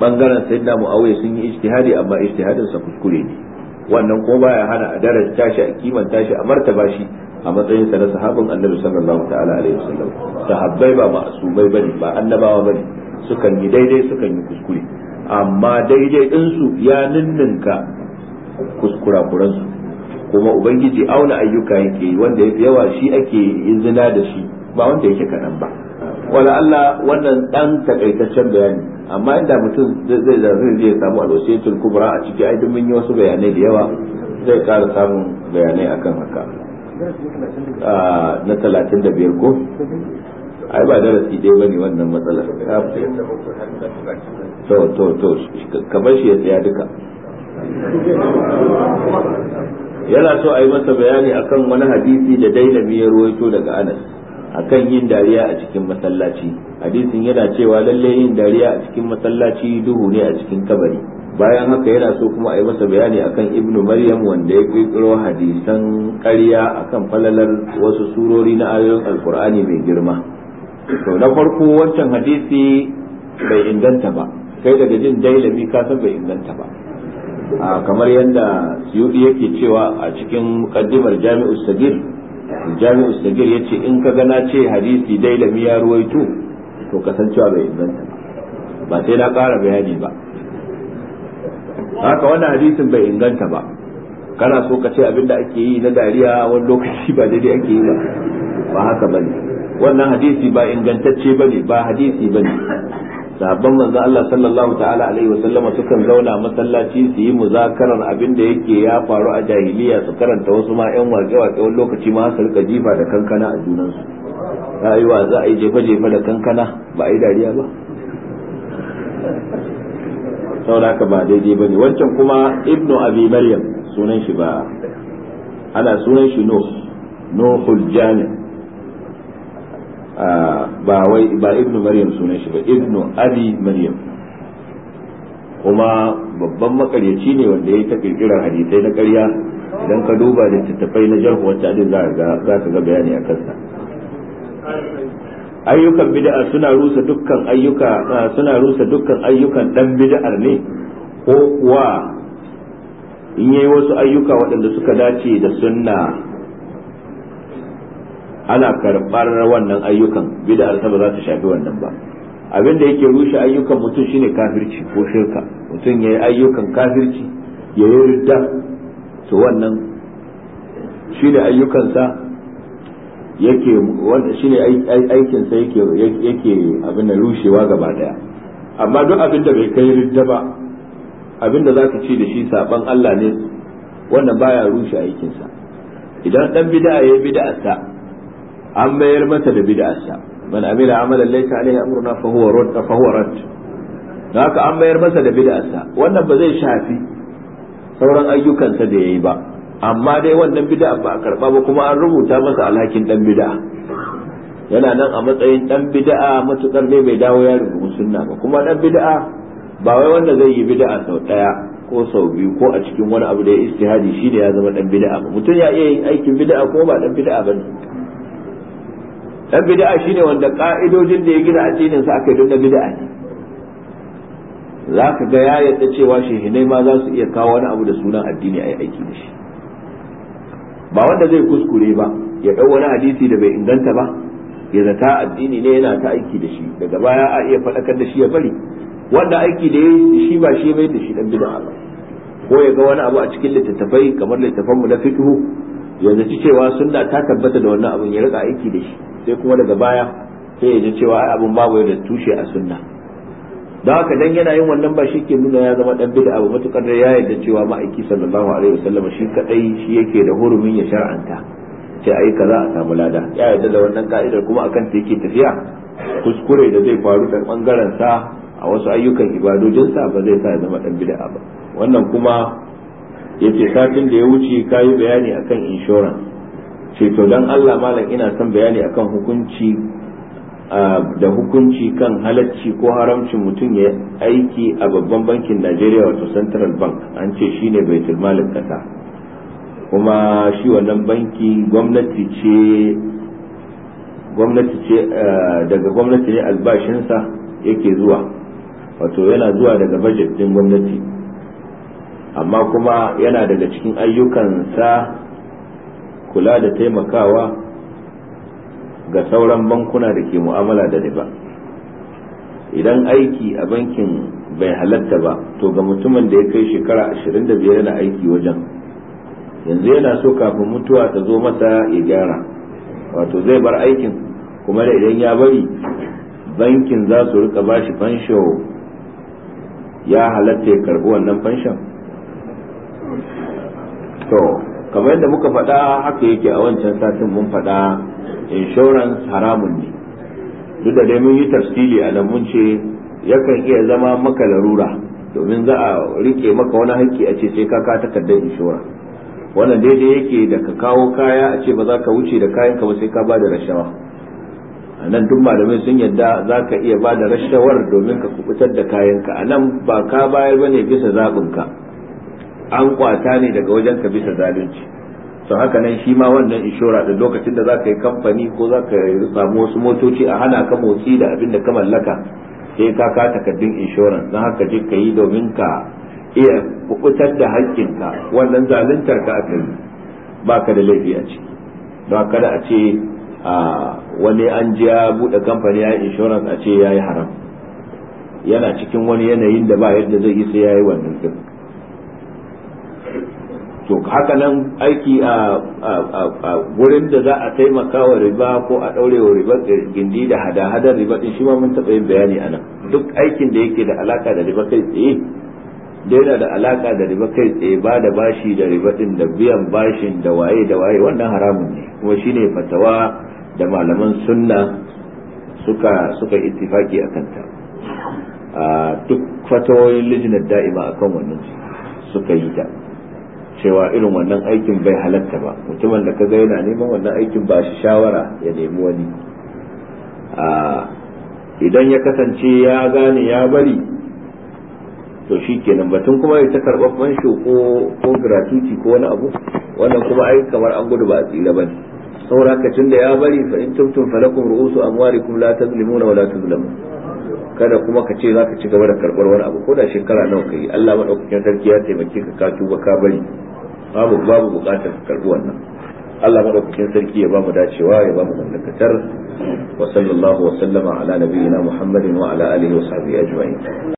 bangaren sayyidina muawiya sun yi ijtihadi amma ijtihadin sa kuskure ne wannan ko baya hana a daraja shi a kimanta shi a martaba shi a matsayin sa na sahabban annabi sallallahu ta'ala alaihi wasallam sahabbai ba bai bane ba annabawa bane sukan yi daidai sukan yi kuskure amma daidai ɗinsu ya ninninka kuskurakuransu kuma ubangiji auna ayyuka yake wanda ya yawa shi ake izina da shi ba wanda yake kaɗan ba wala Allah wannan ɗan takaitaccen bayani amma inda mutum zai zai zai samu alwasiyatul kubra a ciki ai mun yi wasu bayanai da yawa zai ƙara samun bayanai akan haka ah, na talatin da biyar ko ai ba darasi dai bane wannan matsalar to to to kamar shi ya tsaya duka yana so a yi masa bayani akan wani hadisi da dailami ya ruwaito daga anas akan yin dariya a cikin masallaci hadisin yana cewa lalle yin dariya a cikin masallaci duhu ne a cikin kabari bayan haka yana so kuma a yi masa bayani akan ibnu maryam wanda ya kirkiro hadisan ƙarya akan falalar wasu surori na ayoyin alkur'ani mai girma to na farko wancan hadisi bai inganta ba kai daga jin dailami ka san bai inganta ba kamar yadda suyudi yake cewa a cikin mukaddimar jami'u sagir jami'u sagir ya ce in ka gana ce hadisi dailami ya ruwaito to kasancewa bai inganta ba sai na ƙara bayani ba haka wannan hadisin bai inganta ba kana so ka ce abinda ake yi na dariya wani lokaci ba daidai ake yi ba ba haka ba ne. wannan hadisi ba ingantacce bane ba hadisi bane Sabon manzo Allah sallallahu ta'ala alaihi wa sallama sukan zauna masallaci su yi muzakarar abin da yake ya faru a jahiliya su karanta wasu ma ƴan waƙe waƙe wani lokaci ma su rika jifa da kankana a junan su rayuwa za a yi jefa jefa da kankana ba a yi dariya ba saboda ka ba daidai bane wancan kuma ibnu abi maryam sunan shi ba ana sunan shi nuh nuhul jami' ba wai ba ibnu maryam sunan shi ba ibnu abi maryam kuma babban makaryaci ne wanda ya ta kirkirar hadisai na ƙarya idan ka duba da tattafai na jarhu wacce adin za ka ga bayani a kansa ayyukan bid'a suna rusa dukkan ayyuka suna rusa dukkan ayyukan dan bid'ar ne ko kuwa in yayi wasu ayyuka waɗanda suka dace da sunna ana karɓar wannan ayyukan bida ta ba za ta shafi wannan ba abin da yake rushe ayyukan mutum shine kafirci ko shirka mutum yayi ayyukan kafirci yi ridda to wannan shine ayyukansa yake wanda shine aikin sa yake yake abin da rushewa gaba daya amma duk abin da bai kai ridda ba abin da zaka ci da shi saban Allah ne wannan baya rushe aikinsa idan dan bid'a yayi sa' an mayar mata da bid'arsa man amila amalan laysa alaihi amruna fa huwa rad fa huwa rad da haka an mayar masa da bid'arsa wannan ba zai shafi sauran ayyukansa da yayi ba amma dai wannan bid'a ba a karba ba kuma an rubuta masa alhakin dan bid'a yana nan a matsayin dan bid'a matukar ne bai dawo ya rubu sunna ba kuma dan bid'a ba wai wanda zai yi bid'a sau daya ko sau biyu ko a cikin wani abu da ya istihadi shi ne ya zama dan bid'a ba mutum ya iya yin aikin bid'a ko ba dan bid'a bane dan bid'a shine wanda ka'idojin da ya gina addinin sa aka yi na bid'a ne zaka ga ya yadda cewa shehinai ma za su iya kawo wani abu da sunan addini ai aiki da shi ba wanda zai kuskure ba ya dau wani hadisi da bai inganta ba ya zata addini ne yana ta aiki da shi daga baya a iya faɗakar da shi ya bari wanda aiki da ya shi ba shi bai da shi dan bid'a ko ya ga wani abu a cikin littattafai kamar littafan mu na fiqh yanzu ci cewa sunna ta tabbata da wannan abin ya rika aiki da shi sai kuma daga baya sai ya ji cewa ai abin babu da tushe a sunna don haka dan yana yin wannan ba shi ke nuna ya zama dan bid'a abu matukar da ya yarda cewa ma'aiki sallallahu alaihi wasallam shi kadai shi yake da hurumin ya shar'anta ce ai kaza a samu lada ya yarda da wannan ka'idar kuma akan ta yake tafiya kuskure da zai faru da bangaren sa a wasu ayyukan ibadojinsa ba zai sa ya zama dan bid'a ba wannan kuma yace kafin da ya wuce kayi bayani akan insurance ce to dan Allah malam ina son bayani akan hukunci da hukunci kan halacci ko haramcin mutum ya aiki a babban bankin Najeriya wato Central Bank an ce shine baitul malik kasa kuma shi wannan banki gwamnati ce gwamnati ce daga gwamnati ne albashinsa yake zuwa wato yana zuwa daga budget din gwamnati amma kuma yana daga cikin ayyukansa kula da taimakawa ga sauran bankuna da ke mu'amala da riba idan aiki a bankin bai halatta ba to ga mutumin da ya kai shekara 25 yana aiki wajen yanzu yana so kafin mutuwa ta zo masa ya gyara wato zai bar aikin kuma da idan ya bari bankin za su rika bashi fansho ya halatta ya karbi wannan fanshon to kamar yadda muka faɗa haka yake a wancan satin mun faɗa insurance haramun ne duk da dai mun yi tafsili a nan mun ce yakan iya zama maka larura domin za a rike maka wani hakki a ce sai ka ka takardar inshora wannan daidai yake da ka kawo kaya a ce ba za ka wuce da kayan ka ba sai ka bada rashawa a nan duk malamai sun yadda za ka iya bada rashawar domin ka kubutar da kayan ka a nan ba ka bayar bane bisa zaɓin ka an kwata ne daga wajen ka bisa zalunci to haka nan shi ma wannan inshora da lokacin da zaka yi kamfani ko zaka samu wasu motoci a hana ka motsi da abin da ka mallaka sai ka ka takaddun inshoran don haka je ka yi domin ka iya kukutar da ka wannan zaluntar ka aka yi baka da laifi a ciki don kada a ce a wani an ji ya buɗe kamfani ya inshoran a ce ya yi haram yana cikin wani yanayin da ba yadda zai yi sai ya yi wannan duk to haka nan aiki a gurin da za a taimaka wa riba ko a ɗaurewa wa riba gindi da hada-hadar riba din shi ma mun taɓa yin bayani a nan duk aikin da yake da alaka da riba kai tsaye da yana da alaka da riba kai tsaye ba da bashi da riba din da biyan bashin da waye da waye wannan haramun ne kuma shi ne fatawa da malaman sunna suka suka ittifaki a kanta duk fatawoyin lijinar da'ima akan wannan suka yi ta cewa irin wannan aikin bai halatta ba mutumin da kaga yana neman wannan aikin ba shi shawara ya nemi wani idan ya kasance ya gane ya bari to shi kenan batun kuma ya ta karɓar ko ko gratuity ko wani abu wannan kuma ai kamar an gudu ba a tsira ba ne saboda haka tun da ya bari fa in tumtum falakum ru'usu amwarikum la tazlimuna wa la tuzlamun kada kuma ka ce za ka ci gaba da karɓar wani abu ko da shekara nawa ka yi Allah maɗaukakin sarki ya taimake ka ka tuba ka bari babu babu buƙatar ka karɓi wannan Allah maɗaukakin sarki ya ba mu dacewa ya ba mu mallakatar wa sallallahu wa sallama ala nabiyyina Muhammadin wa ala alihi wa sahbihi ajma'in